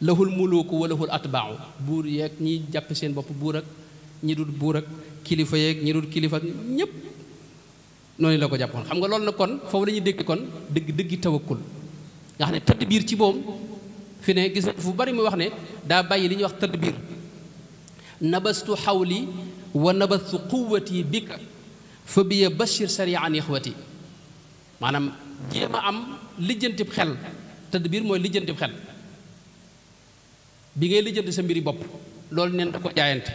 lahul muluuku wa lahul atbaaw buur yeeg ñi jàpp seen bopp buur ak ñi du buur ak kilifa yeeg ñi dul kilifa ñépp noonu la ko jàppoon xam nga lool na kon foofu la ñuy dégg kon dëgg dëggi tawakkul nga xam ne tëdd biir ci moom fi ne gis fu bari mu wax ne daa bàyyi li ñuy wax tëdd biir nabastu xawli wa nabastu quwati bika fa biya bashir sarian ixwati maanaam jéem a am lijjantib xel tëdd biir mooy lijjantib xel bi ngay lijjanti sa mbiri bopp loolu neen da ko jaayante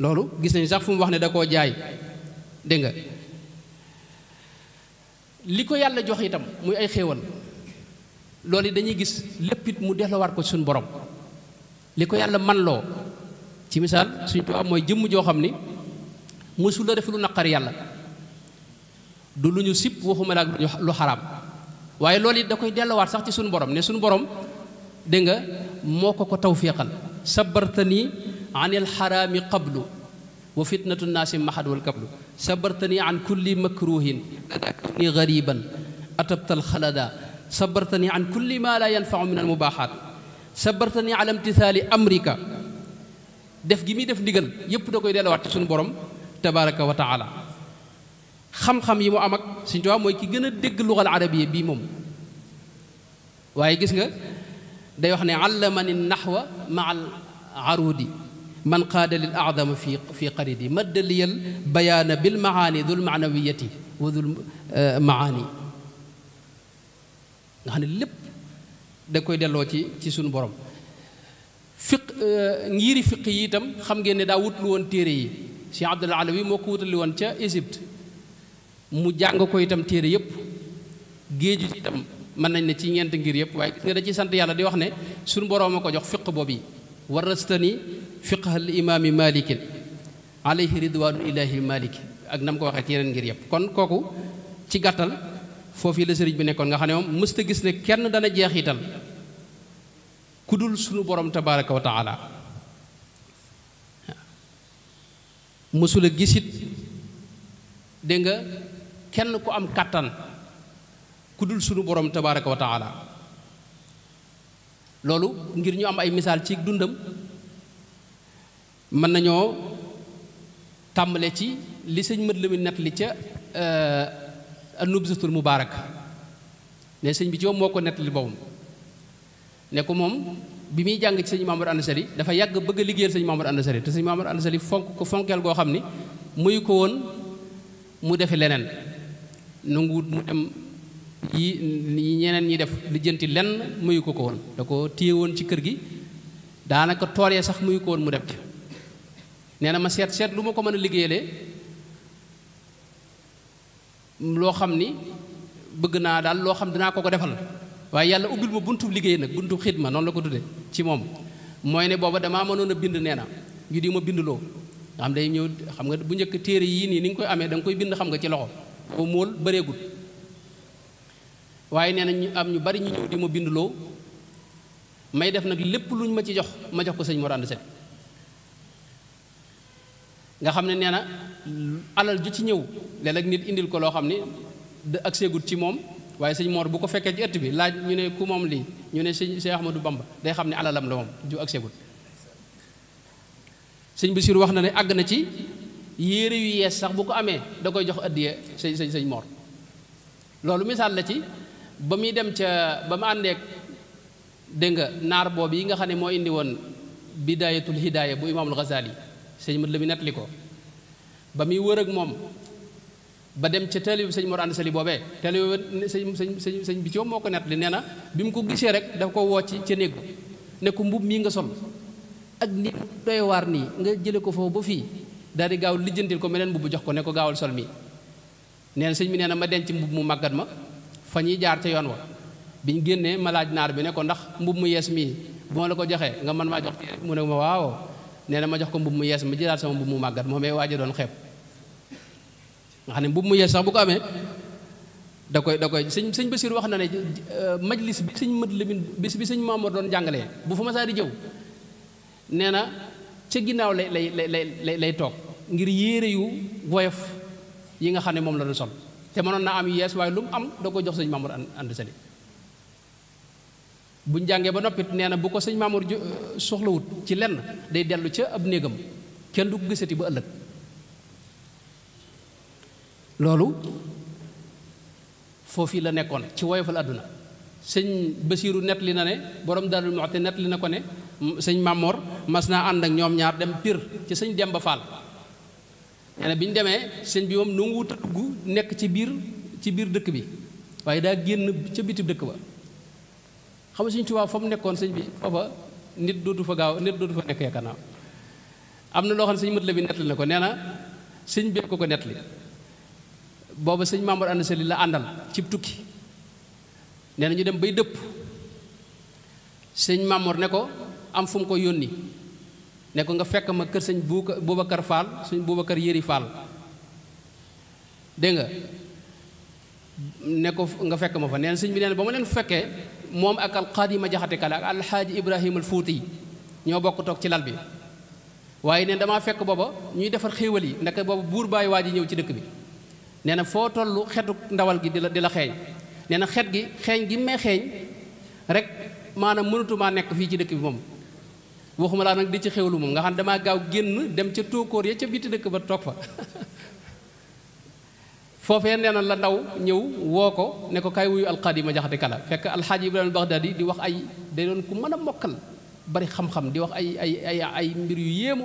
loolu gis nañ sax fu mu wax ne da koo jaay dégg nga li ko yàlla jox itam muy ay xéewal loolu dañuy gis lépp it mu delloowaat ko suñ borom li ko yàlla man loo ci misaal Sëriñ Tuubaa mooy jëmm joo xam ni mësul la def lu naqar yàlla du lu ñu sib waxuma laak lu xaraam waaye loolu it da koy delluwaat sax ci suñu borom ne suñu borom dégg nga moo ko ko tawfiqal sabartani anil xaraami qablu wa fitnatu naasi mahad wal kablu sabartani an kulli makruhin ni gariban atabtal xalada sabartani an kulli ma la yanfaau min al mubaaxaat sabartani ala imtithaali amrika def gi muy def ndigal yépp da koy delluwaat suñu borom tabaraka wa taala xam-xam yi mu am ak Sëriñ Tuubaa mooy ki gën a dégg luxal arabiya bii moom waaye gis nga day wax ne allamani naxwa ma al arudi man qaada lil aadama fi fi qaridi maddaliyal bayaana bil maani dul maanawiyati wa dul e, maani nga xam ne lépp da koy delloo ci ci suñu boroom fiq euh, ngiiri fiq yi itam xam ngeen ne daa wut lu woon téere yi Cheikh Abdul Alawi moo ko wutali woon ca Égypte mu jàng ko itam téere yëpp géeju itam mën nañ ne ci ñeent ngir yëpp waaye gis nga da ci sant yàlla di wax ne sunu boroom a ko jox fiq boobu yi warastani fiqh al imaami malikin alayhi ridwanu ilahi maliki ak nam ko waxee ci yeneen ngir yëpp kon kooku ci gàttal foofu la sëriñ bi nekkoon nga xam ne moom mësta gis ne kenn dana jeex jeexital ku dul sunu borom tabaraka wa taala mësula gisit dégg nga kenn ku am kàttan ku dul sunu borom tabaraka wa taala loolu ngir ñu am ay misaal ci dundam mën nañoo tàmbale ci li sëñ mët la mu nett li ca euh, nubzatul mubaarak ne sëñ bi ci moom moo ko nett li ne ko moom bi muy jàng ci sëñ Mamadou Anta dafa yàgg bëgg a liggéeyal sëñ Mamadou Anta te sëñ Mamadou Anta fonk ko fonkeel goo xam ni muy ko woon mu defi leneen nanguwut mu dem yi ñeneen ñi def lijjanti lenn muyu ko ko woon da ko téye woon ci kër gi daanaka toolee sax muyu ko woon mu def ci nee na ma seet seet lu ma ko mën a liggéeyalee loo xam ni bëgg naa daal loo xam dinaa ko ko defal waaye yàlla ubbil ma buntu liggéey nag buntu xidma noonu la ko tudde ci moom mooy ne booba damaa mënoon a bind nee na ñu di ma bindloo nga day ñëw xam nga bu njëkk téere yii nii ni koy amee da koy bind xam nga ci loxo ba mool bëreegul waaye nee na ñu am ñu bari ma bindloo may def nag lépp lu ma ci jox ma jox ko sëñ Mor Anta Seck nga xam ne nee na alal ju ci ñëw léeg nit indil ko loo xam ne da ak ci moom waaye sëñ moor bu ko fekkee ci ëtt bi laaj ñu ne ku moom lii ñu ne sëñ Cheikh Ahmadou Bamba day xam ne alalam la moom ju ak segul sëñ Bassirou wax na ne àgg na ci yére yu yees sax bu ko amee da koy jox addiye sëñ sëñ sëñ Mor loolu misaal la ci ba muy dem ca ba mu àndeek dégg nga naar boob yi nga xam ne moo indi woon bidayatul hidaaya bu imaamul Ghazali sëñ mat la mu nettali ko ba muy wër ak moom ba dem ca taalibe bi sëñ Mor Anta Sali boobee taalibe bi sëñ sëñ sëñ bi ci moom moo ko nettali nee na bi mu ko gisee rek dafa ko woo ci ca néeg ne ko mbub mii nga sol ak ni doy waar nii nga jële ko foofu ba fii daal gaaw lijjantil ko meneen mbubb jox ko ne ko gaawal sol mii nee na sëñ bi nee na ma denc mbub mu màggat ma fa ñuy jaar ca yoon wa biñ génnee ma laaj naar bi ne ko ndax mbub mu yees mii bu ma la ko joxee nga mën maa jox mu ne ma waaw nee na ma jox ko mbub mu yees ma jëlaat sama mbub mu màggat moomee waaja nga xam ne mbubb mu yees sax bu ko amee da koy da koy sëñ sëñ Basiir wax na ne euh, majlis bi sëñ mët lamin bis bi sëñ Maamoor doon jàngale bu fa masaa di jëw nee na ca ginnaaw lay lay lay lay toog ngir yéere yu woyof yi nga xam ne moom la doon sol te mënoon naa am yu yees waaye lu mu am da ko jox sëñ Maamoor ànd sali buñ jàngee ba noppit nee na bu ko sëñ Maamoor soxlawut ci lenn day dellu ca ab néegam kenn du ko ba ëllëg loolu foofu la nekkoon ci woyofal àdduna sëñ Basiiru nett li na ne borom Daaru Muxti nett li na ko ne sëñ Mamor mas naa ànd ak ñoom ñaar dem Pire ci sëñ Demba Fall nee na bi ñu demee sëñ bi moom nanguwut a dugg nekk ci biir ci biir dëkk bi waaye daa génn ca biti dëkk ba xam nga sëñ Tuubaa fa mu nekkoon sëñ bi foofa nit dootu fa gaaw nit dootu fa nekkee kanaaw am na loo xam ne sëñ mët bi nett na ko nee na sëñ bee ko ko nett li booba sëñ Mamour Anta Sali la àndal cib tukki nee na ñu dem bay dëpp sëñ Mamour ne ko am fum ko yónni ne ko nga fekk ma kër sëñ Boubacar Fall sëñ Boubacar Yëri Fall dégg nga ne ko nga fekk ma fa nee na sëñ bi nee na ba ma leen fekkee moom ak alxaadi ma jaxate kale ak alxaaji Ibrahima al Fuuti ñoo bokk toog ci lal bi waaye neen damaa fekk booba ñuy defar xéewal yi ndeke booba buur bàyyi waa ji ñëw ci dëkk bi nee na foo toll xetu ndawal gi di la di la xeeñ nee na xet gi xeeñ gi may xeeñ rek maanaam mënatumaa nekk fii ci dëkk bi moom waxuma laa nag di ci xewlu moom nga xam ne damaa gaaw génn dem ca tóokóor ya ca biti dëkk ba toog fa foofee nee na la ndaw ñëw woo ko ne ko kaay wuyu alxaadima jaxate kala fekk alxaaji ibrahima baxdaadi di wax ay day doon ku mën a mokkal bari xam-xam di wax ay ay ay ay mbir yu yéemu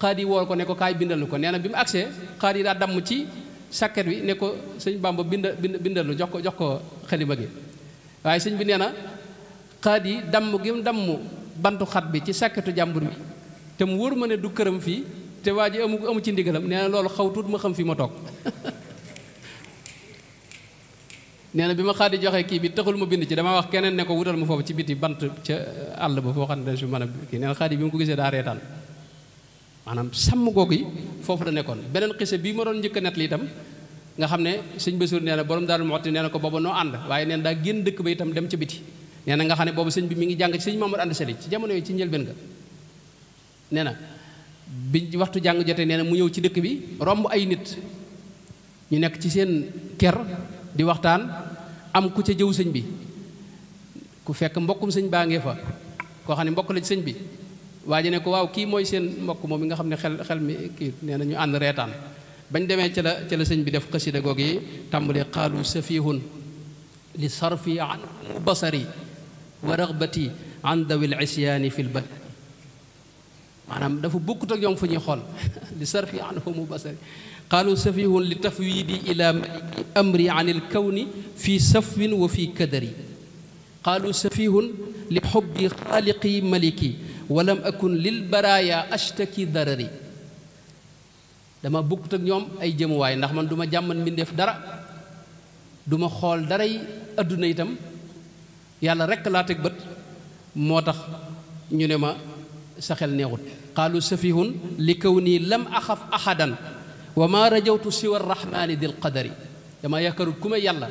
xaadi woo ko ne ko kaay bindal ko nee na bi mu agsee xaadi daa damm ci sàkket bi ne ko sëñ Bàmba bind bind bindalu jox ko jox ko xalima gi waaye sëñ bi nee na xaat yi damm gi mu bantu xat bi ci sàkketu jàmbur bi te mu wóor ma ne du këram fii te waa ji amu amu ci ndigalam nee na loolu xaw tuut ma xam fii ma toog nee na bi ma xaadi joxe kii bi taxul ma bind ci dama wax keneen ne ko wutal ma foofu ci biti bant ca àll ba foo xam ne su mën a kii nee na yi bi mu ko gisee daa reetaan maanaam sàmm googu yi foofu la nekkoon beneen xise bii ma doon njëkk a nett li itam nga xam ne sëñ Basiru nee na borom Daaru Muxti nee na ko booba noo ànd waaye neen daa génn dëkk bi itam dem ca biti nee na nga xam ne boobu sëñ bi mu ngi jàng ci sëñ Mamadou Anta Sali ci jamono yooyu ci njëlbeen ga nee bi waxtu jàng jotee nee na mu ñëw ci dëkk bi romb ay nit ñu nekk ci seen ker di waxtaan am ku ca jëw sëñ bi ku fekk mbokkum sëñ baa ngee fa koo xam ne mbokk la sëñ bi waa ji ne ko waaw kii mooy seen mbokk moom mi nga xam ne xel xel mi kii nee na ñu ànd reetaan bañ demee ci la ci sëñ bi def xasida goog yi tàmbalee qaalu safihun li sarfi dafa bokkut ak ñoom fu xool li sarfi anhumu basari qaalu safihun li tafwidi ila maliki amri an ilkawni fi safwin wa fi kadari qaalu safihun li xubbi xaaliqi maliki walam akun lil baraaya ashtaki darari dama bukk ak ñoom ay jëmuwaay ndax man duma ma jàmman mbindeef dara duma xool daray àdduna itam yàlla rekk laa teg bët moo tax ñu ne ma sa xel neexut qaalu safihun li kaw nii lam axaf ahadan wa ma rajawtu siwa rahmaani dil qadari dama yaakaarut ku ma yàlla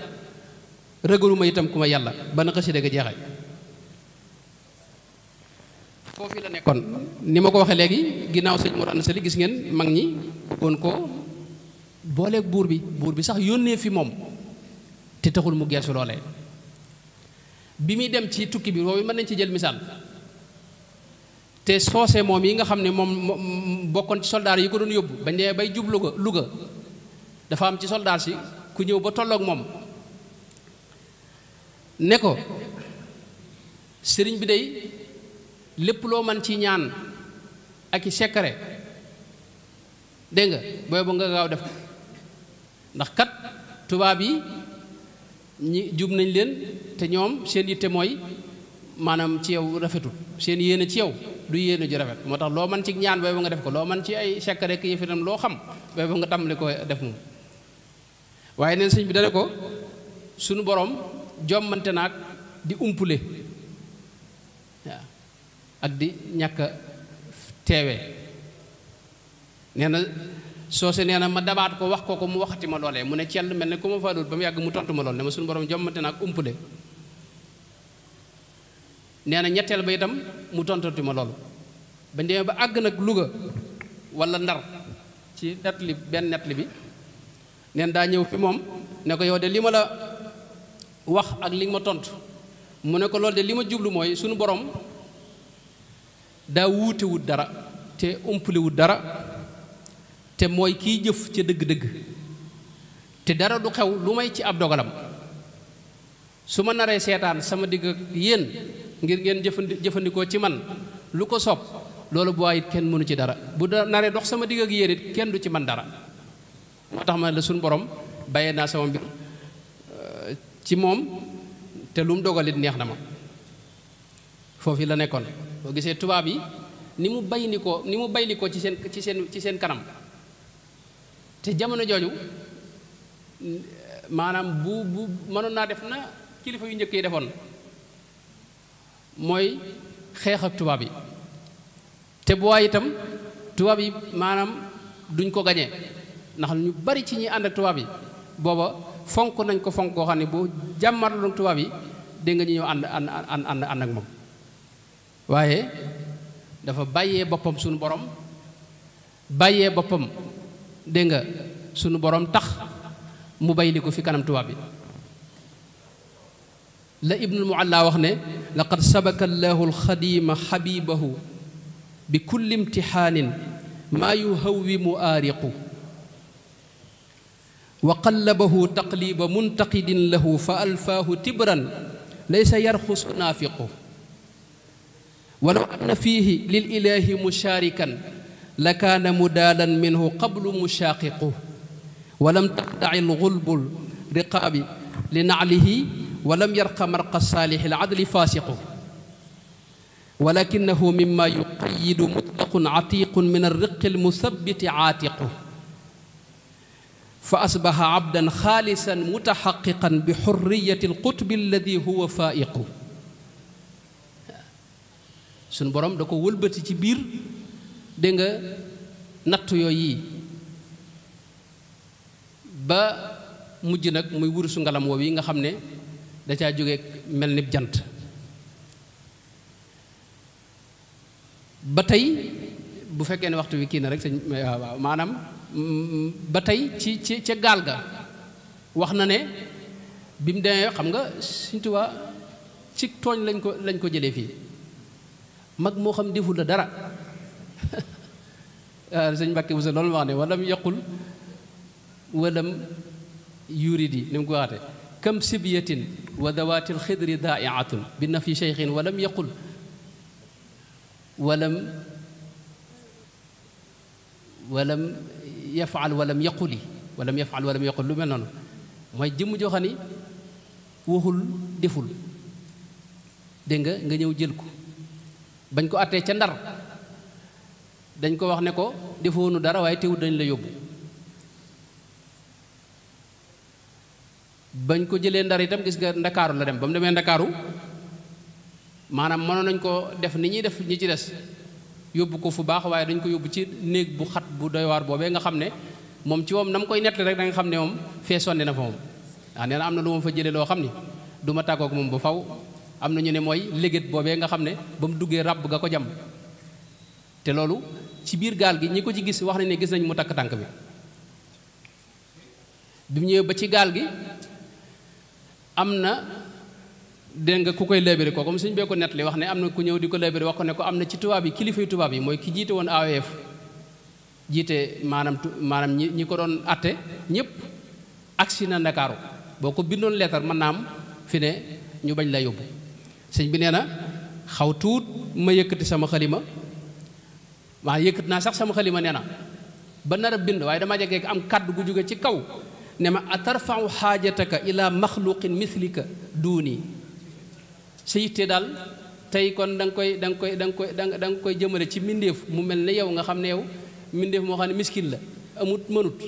rëgaluma itam ku ma yàlla ba na xasida ga jeexee foofu la nekkoon ni ma ko waxee léegi ginnaaw sëñ Mor Anta Sali gis ngeen mag ñi bëggoon ko booleeg buur bi buur bi sax yónnee fi moom te taxul mu geesu loolee bi muy dem ci tukki bi boobu mën nañ ci jël misaal te soose moom yi nga xam ne moom bokkoon ci soldaar yi ko doon yóbbu bañ dee bay jub Louga Louga dafa am ci soldaar si ku ñëw ba tollook moom ne ko sëriñ bi dey lépp loo man ci ñaan ak i sekkare dégg nga booy bu nga gaaw def ndax kat tubaab yi ñi jub nañ leen te ñoom seen yitte mooy maanaam ci yow rafetul seen yéene ci yow du yéene ju rafet moo tax loo man ci ñaan booy ba nga def ko loo man ci ay sekkare ki yëfitam loo xam booy bu nga tàmbali ko def moom waaye neen sëñ bi dane ko sunu boroom jommante naag di umpule ak di ñàkk teewe teewee nee na soose nee na ma dabaat ko wax ko ko mu waxati ma loolee mu ne cell mel ne ku ma faa dut ba mu yàgg mu tontu ma lool ne ma suñu borom na ak ba itam mu tontati ma lool ba demee ba àgg nag Louga wala Ndar ci nettali bi neen daa ñëw moom ne ko yow de li ma la wax ak li ma tontu mu ne ko loolu de li ma jublu mooy sunu boroom daa wuutewut dara te umpalewut dara te mooy kiy jëf ca dëgg-dëgg te dara du xew lu may ci ab dogalam su ma naree seetaan sama digg ak yéen ngir ngeen jëfandi jëfandikoo ci man lu ko sob loolu bu it kenn mënu ci dara bu da naree dox sama digg ak yéen it kenn du ci man dara moo tax ma la suñ borom bàyyee naa sama mbir euh, ci moom te lu mu dogalit neex na ma foofu la nekkoon boo gisee tubaab yi ni mu bay ni ko ni mu bay li ko ci seen ci seen ci seen kanam te jamono jooju maanaam bu bu mënoon naa def na kilifa yu njëkk yi defoon mooy xeex ak tubaab yi te bu waay itam tubaab yi maanaam duñ ko gañee ndax ñu bari ci ñi ànd ak tubaab yi booba fonk nañ ko fonk koo xam ne bu jàmmarlu tubaab yi dégg nga ñu ñëw ànd ànd ànd ànd ak moom waaye dafa bàyyee boppam sunu boroom bàyyee boppam dénga sunu boroom tax mu bay li ko fi kanam tubaab bi la ibnul mualla wax ne laqad sabaka allahu alxadima xabibahu bi kulli imtixaanin maa yuhawimu aariqu wa qallabahu taqliba muntaqidin lahu fa alfaahu tibran laysa yarxusu naafiqu walaw anna fiihi lil ilaahi mushaarikan la kaana mudaalan minhu qablu mushaaqiqu walam taqtaci lgulbul riqaabi li naclihi walam yarqa marqa saalixi alcadli faasiqu walakinahu mima yuqayidu mutlaqun catiqun min alriqi almusabiti caatiqu fa asbaxa cabdan xaalisan mutaxaqiqan bi xurriyati alqutbi alladi huwa faa'iqu suñu borom da ko wëlbati ci biir dégg nga nattu yooyu yi ba mujj nag muy wurusu ngalam woow yi nga xam ne da caa jóge mel ni jant ba tey bu fekkee ne waxtu wi kii na rek sëñ waaw maanaam mm, ba tey ci ci ca gaal ga wax na ne bi mu demee xam nga Sëñ ci tooñ lañ ko lañ ko jëlee fii mag moo xam deful la dara waaw ah, sëñ Mbàkke Buso loolu ma wax ne walam yaqul walam yuridi ni mu ko waxate kam sibyatin wa dawaatil xidri daaiatun bi nafi cheikhin walam yaqul walam walam yafaal walam yaquli walam yafaal walam yaqul lu mel noonu mooy jëmm joo xam ni waxul deful dégg nga nga ñëw jël ko bañ ko attee ca ndar dañ ko wax ne ko defoonu dara waaye teewul dañ la yóbbu bañ ko jëlee ndar itam gis nga ndakaaru la dem ba mu demee ndakaaru maanaam mënoon nañ ko def ni ñuy def ñi ci des yóbbu ko fu baax waaye dañ ko yóbbu ci néeg bu xat bu doy boobee nga xam ne moom ci moom na mu koy nettali rek da xam ne moom fee sonni na fa moom. waaw nee na am na lu ma fa jëlee loo xam ne duma ma tàggoog moom ba faw am na ñu ne mooy léget boobee nga xam ne ba mu duggee ràbb nga ko jam te loolu ci biir gaal gi ñi ko ci gis wax na ne gis nañ mu takk tànk bi bi mu ñëwee ba ci gaal gi am na dégg nga ku koy léebiri ko comme suñ bee ko nettali wax ne am na ku ñëw di ko léebiri wax ko ne ko am na ci tubaab yi kilifay tubaab yi mooy ki jiite woon AOF jiite maanaam maanaam ñi ñi ko doon atte ñépp agsi na Ndakaaru boo ko bindoon leetar mën naa fi ne ñu bañ la yóbbu sëñ bi nee na xaw tuut ma yëkkati sama xalima maa yëkkat naa sax sama xalima nee na ba nar a bind waaye dama jege am kàddu gu jóge ci kaw ne ma atarfau xaajataka ila maxluqin mithlika duuni sa yitte daal tey kon da nga koy da nga koy da koy da nga koy jëmale ci mbindeef mu mel ne yow nga xam ne yow mbindeef moo xam ne miskin la amut mënut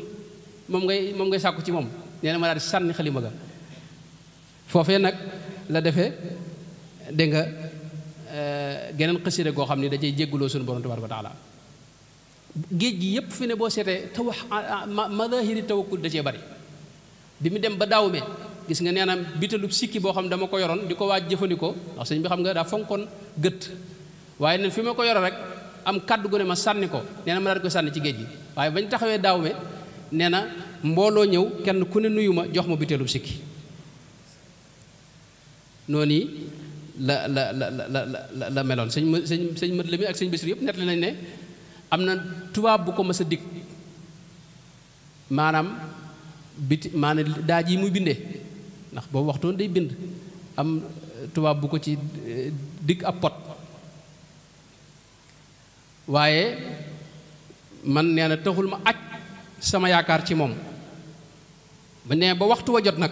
moom ngay moom ngay sàkku ci moom nee na ma daal sànni xalima ga foofee nag la defee dégg nga euh, geneen xasida goo xam ne da cay jégguloo suñu borom tabaraka wa taala géej gi yépp fi ne boo seetee taw ah, ah, madahiri tawakkul da cee bari bi mu dem ba daaw me gis nga nee na bitalub sikki boo xam ne dama ko yoroon di ko waa jëfandikoo ndax sëñ bi xam nga daa fonkoon gët waaye nag fi ma ko yoro rek am kàddu gu ne ma sànni ko nee ma daal ko sànni ci géej gi waaye bañ taxawee daaw me nee na mbooloo ñëw kenn ku ne nuyu ma jox ma bitalub sikki la la la la la meloon sëñ sëñ sëñ mët la mi ak sëñ Bésir yëpp nettali nañ ne am na tubaab bu ko mës a dig maanaam biti maanaam daaj yi muy bindee ndax boo waxtoon day bind am tubaab bu ko ci eh, dig ab pot waaye man nee na taxul ma aj sama yaakaar ci moom ba nee ba waxtu wa jot nag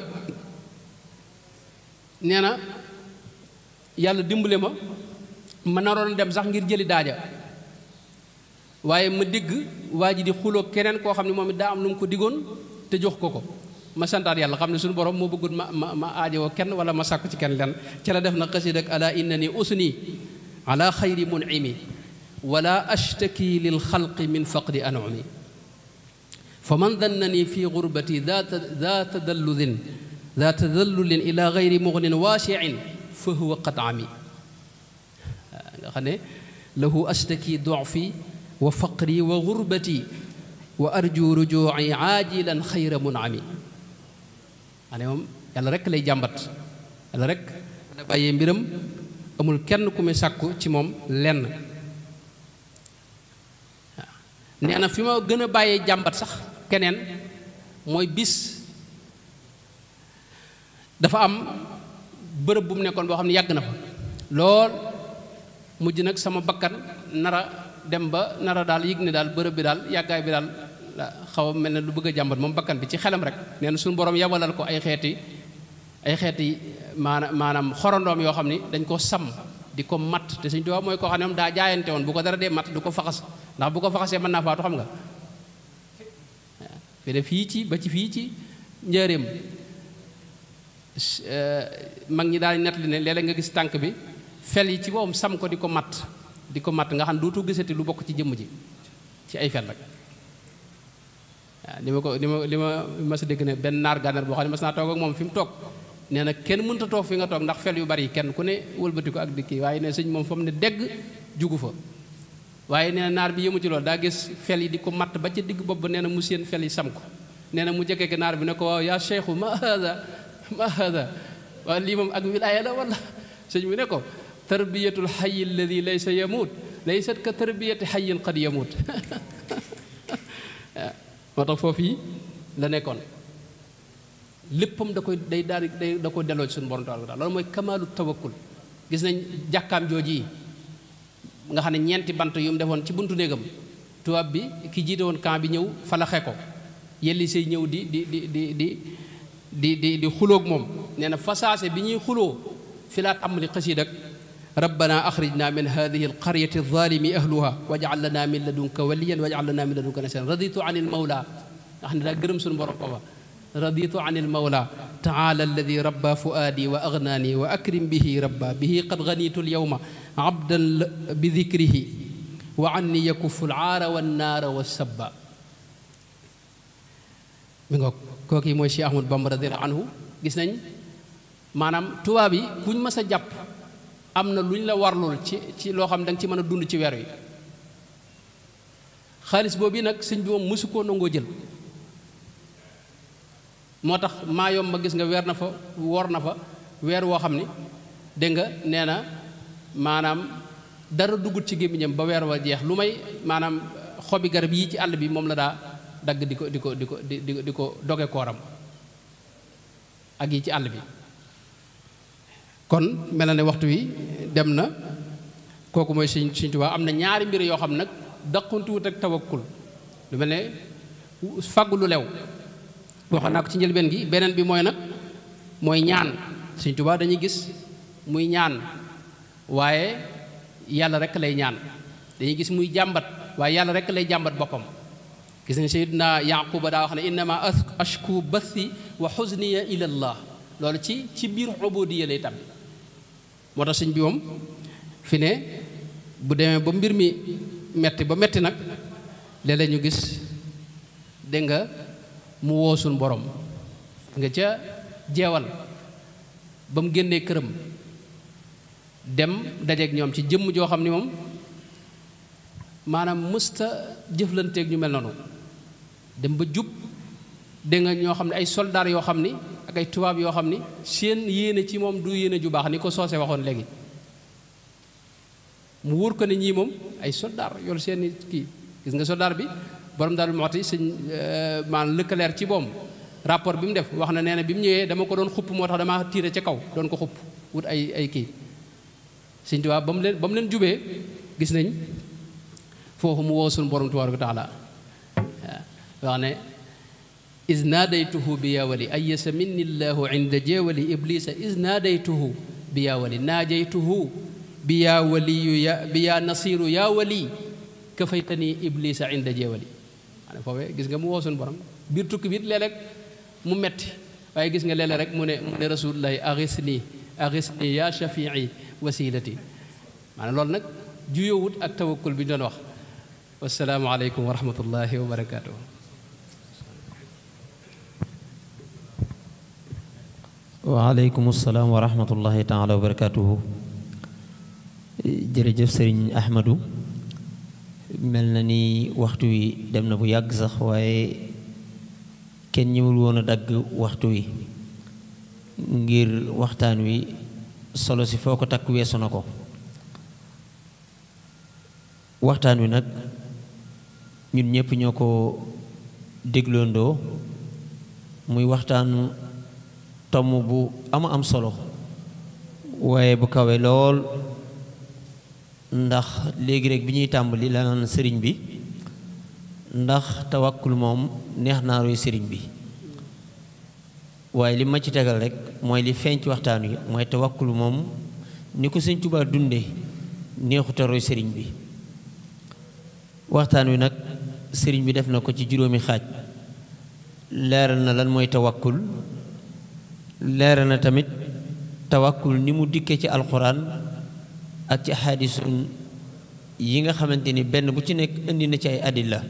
nee na yàlla dimbale ma ma naroon dem sax ngir jëli daaja waaye ma dégg waa ji di xuloo keneen koo xam ne moom it daa am lu mu ko diggoon te jox ko ko ma santaat yàlla xam ne suñu borom moo bëggut ma ma ma aajowoo kenn wala ma sàkku ci kenn lenn ci la def na xasida ak ala innani usni ala xayri munimi wala ashtaki lil xalqi min faqdi anumi fa man dannani fi gurbati daa tadalludin daa tadallulin ila gayri mugnin waasiin fa huwa qad ami nga xam ne lahu astaki dufi wa faqri wa gurbati wa arju rujuci aajilan xayra munami ane moom yàlla rek lay jàmbat yàlla rek bàyyee mbiram amul kenn ku muy sàkku ci moom lenn nee fi ma gën a bàyyee jàmbat sax keneen mooy bis dafa am bërëb bu mu nekkoon boo xam ne yàgg na fa lool mujj nag sama bakkan nara dem ba nara daal yëg ne daal bërëb bi daal yàggaay bi daal xaw a mel ne lu bëgg a jàmbat moom bakkan bi ci xelam rek nee na suñu borom yabalal ko ay xeeti ay xeeti maanaam maanaam xorandoom yoo xam ni dañ koo sàmm di ko mat te suñu tubaab mooy koo xam ne moom daa jaayante woon bu ko dara dee matt du ko faxas ndax bu ko faxasee man naa faatu xam nga. waaw fii ci ba ci fii ci njëriñ. Eh, mag ñi daal nettali ne léeg-léeg nga gis tànk bi fel yi ci boppam sam ko di ko matt di ko matt nga xam ne dootu gisati lu bokk ci jëmm ji ci ay fel rek waaw li ma ko li ma li ma mas a dégg ne benn naar gànnaar boo xam ne ma naa toog ak moom fi mu toog nee na kenn mënta toog fi nga toog ndax fel yu bari kenn ku ne wëlbati ko ak di kii waaye ne sëñ moom fa mu ne dégg jugu fa waaye nee naar bi yëmu ci loolu daa gis fel yi di ko matt ba ca digg bopp nee na mu seen fel yi sam ko nee na mu jege ma hada waa lii moom ak wilaaya la wala sëñ bi ne ko tarbiyatul xayi alladi laysa yamuut laysat ka tarbiyati xayin qad yamuut moo tax foofu yi la nekkoon léppam da koy day daal day da koy delloo ci suñu borom tabaraka loolu mooy kamaalu tawakkul gis nañ jàkkaam jooji yi nga xam ne ñeenti bant yu mu defoon ci buntu néegam tubaab bi ki jiite woon camp bi ñëw falaxe ko yelli say ñëw di di di di di di di xulóog moom nee na fasaase bi ñuy xuloo fi laa tàmbali xasiid ak rabbana axrijna min hadihi alqaryati alzalimi ahluha wajal lana min ladunka waliyan wajal lana min ladunka nasiran raditu an ilmawla nga xam ne daa gërëm suñu borom booba raditu an ilmawla taala alladi rabba fuaadi wa agnaani wa akrim bihi rabba bihi qad ganitu alyawma abdan bi dikrihi wa anni yakufu alaara wannaara wasabba mi ngoog kooku mooy Cheikh Ahmad Bamba radiyallahu anhu gis nañ maanaam tubaab yi kuñ mës a jàpp am na lu ñu la warlul ci ci loo xam ne nga ci mën a dund ci weer wi xaalis boobu yi nag sëñ bi moom mësu koo nangoo jël moo tax maa ma gis nga weer na fa woor na fa weer woo xam ne dégg nga nee na maanaam dara duggut ci gémmiñam ba weer wa jeex lu may maanaam xobi garab yii ci àll bi moom la daa dagg di ko di ko di ko di di ko doge kooram ak yi ci àll bi kon mel na ne waxtu wi dem na kooku mooy Sëñ Sëñ Tuubaa am na ñaari mbir yoo xam nag daquntuwut ak tawakkul lu mel ne fàggu lu lew wax naa ko ci njëlbeen gi beneen bi mooy nag mooy ñaan Sëñ Tuubaa dañuy gis muy ñaan waaye yàlla rekk lay ñaan dañuy gis muy jàmbat waaye yàlla rekk lay jàmbat boppam gis nga sayyidina yaquba daa wax ne innama ashku bathi wa xusniya ila allah loolu ci ci biir ubudiya lay tàbbi moo tax sëñ bi moom fi ne bu demee ba mbir mi metti ba metti nag léeg lañu gis dégg nga mu woo suñ borom nga ca jeewal ba mu génnee këram dem dajeeg ñoom ci jëmm joo xam ni moom maanaam mësta jëflanteek ñu mel noonu dem ba jub dégg nga ñoo xam ne ay soldaar yoo xam ni ak ay tubaab yoo xam ni seen yéene ci moom du yéene ju baax ni ko soose waxoon léegi mu wóor ko ne ñii moom ay soldaar yoolu seen kii gis nga soldaar bi borom daal moo tax sëñ euh, maanaam lëkkaleer ci boom rapport bi mu def wax na nee na bi mu ñëwee dama ko doon xupp moo tax damaa tiire ca kaw doon ko xupp wut ay ay kii sëñ Tuubaa ba mu leen ba mu leen jubee gis nañ foofu mu woo suñu borom tabaaraka wa taala wax ne is naadaytuhu bi yaawali ay minni llaahu inda jeewali iblisa is naadaytuhu bi yaawali naajaytuhu bi yaa ya wali kafaytani iblisa inda jeewali mu woo metti waaye gis nga léeg-léeg rek mu ne mu ne rasulullahi axis nii axis nii yaa shafii wasilati ak tawakkul bi ñu doon wax wasalaamualeykum wa rahmatullahi wa barakaatu. waaleykum salaam wa rahmatullahi taala wa barakaatuhu jërëjëf sëriñ Ahmadu mel na ni waxtu wi dem na bu yàgg sax waaye kenn ñëwul woon a dagg waxtu wi ngir waxtaan wi solo si foo ko takk weesu na ko waxtaan wi nag ñun ñëpp ñoo ko dégloondoo muy waxtaanu tomb bu ama am solo waaye bu kawee lool ndax léegi rek bi ñuy tàmbali la naan sëriñ bi ndax tawakkul moom neex naa roy sëriñ bi waaye li ma ci tegal rekk mooy li feeñ ci waxtaan wi mooy tawakkul moom ni ko sëñ Tuubaa dunde neexuta roy sëriñ bi waxtaan wi nag sëriñ bi def na ko ci juróomi xaaj leeral na lan mooy tawakkul leere na tamit tawakkul ni mu dikkee ci alxuraan ak ci xaadisun yi nga xamante ni benn bu ci nekk indi na ci ay adilla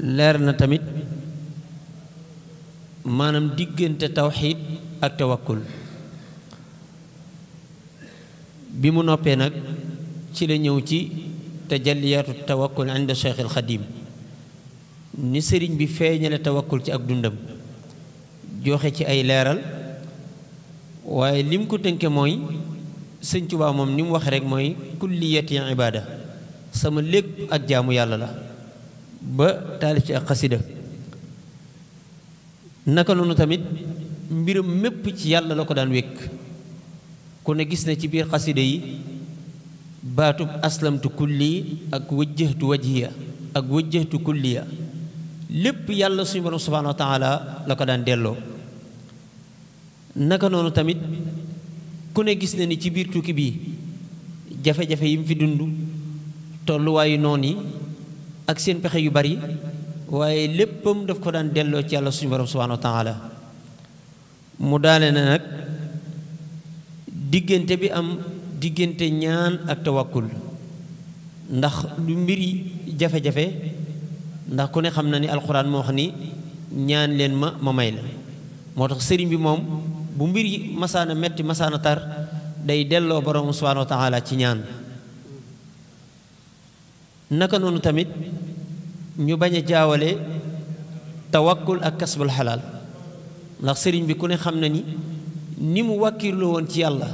leer na tamit maanaam diggante tawxiid ak tawakkul bi mu noppee nag ci la ñëw ci tajalliyaatu tawakkul inda cheikh alxadim ni sëriñ bi feeñale tawakkul ci ak dundam joxe ci ay leeral waaye lim ko tënke mooy sëñ Tuubaa moom ni mu waxe rek mooy kulliyati ibaada sama lépp ak jaamu yàlla la ba taalif ci ak naka noonu tamit mbiram mépp ci yàlla la ko daan wékk ku ne gis na ci biir xasida yi baatub aslamtu kulli ak wajjahtu wajhiya ak wajjahtu kulliya lépp yàlla suñu borom subhaanahu wa taala la ko daan delloo naka noonu tamit ku ne gis na ni ci biir tukki bi jafe-jafe yi mu fi dund tolluwaayu noon yi ak seen pexe yu bari waaye léppam daf ko daan delloo ci yàlla suñu borom subhanahu wa taala mu daale na nag diggante bi am diggante ñaan ak tawakkul ndax lu mbiri jafe-jafe ndax ku ne xam na ni alxuraan moo wax ni ñaan leen ma ma may la moo tax sëriñ bi moom bu mbir yi masaana metti masaana tar day delloo borom subhaanahu wa ci ñaan naka noonu tamit ñu bañ a jaawale tawakkul ak kasbul xalaal ndax sëriñ bi ku ne xam na ni ni mu wàkkirlu woon ci yàlla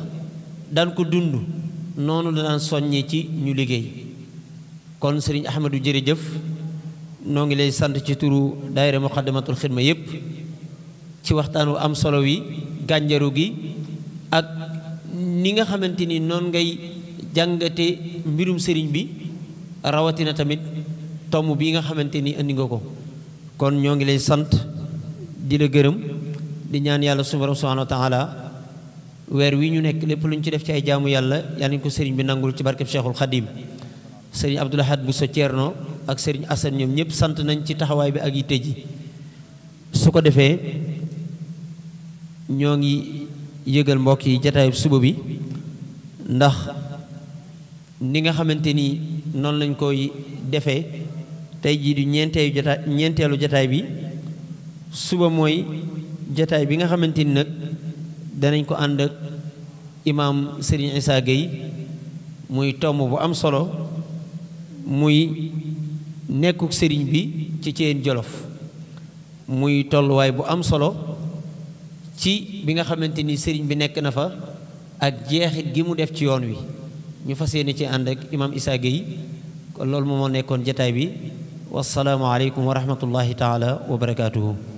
daan ko dund noonu la daan soññee ci ñu liggéey kon sëriñ Ahmadu jërëjëf noo ngi lay sant ci turu daayira muqaddamatul xidma yépp ci waxtaan wu am solo wi gànjaru gi ak ni nga xamante ni noonu ngay jàngate mbirum sëriñ bi rawatina tamit tom bi nga xamante ni indi nga ko kon ñoo ngi lay sant di la gërëm di ñaan yàlla subhaanahu wa taala weer wi ñu nekk lépp lu ñu ci def ci ay jaamu yàlla yàlla ñu ko sëriñ bi nangul ci barkeb Cheikhul Xadim sëriñ Abdoul Ahad Bousso Thierno ak sëriñ Assane ñoom ñëpp sant nañ ci taxawaay bi ak yitte ji su ko defee ñoo ngi yëgal mbokk yi jataay suba bi ndax ni nga xamante ni noonu lañ koy defee tey jii di ñeenteelu jataay bi suba mooy jataay bi nga xamante ni nag danañ ko ànd ak imaam Serigne Issa Gueye muy tomm bu am solo muy nekkuk sëriñ bi ci Thiène Jolof muy tolluwaay bu am solo ci bi nga xamante ni sëriñ bi nekk na fa ak jeexit gi mu def ci yoon wi ñu fa yéene ci ànd ak imaam Issa Gueye kon loolu moo nekkoon jataay bi wasalaamu aleykum wa rahmatullahi taala wa barakaatuhu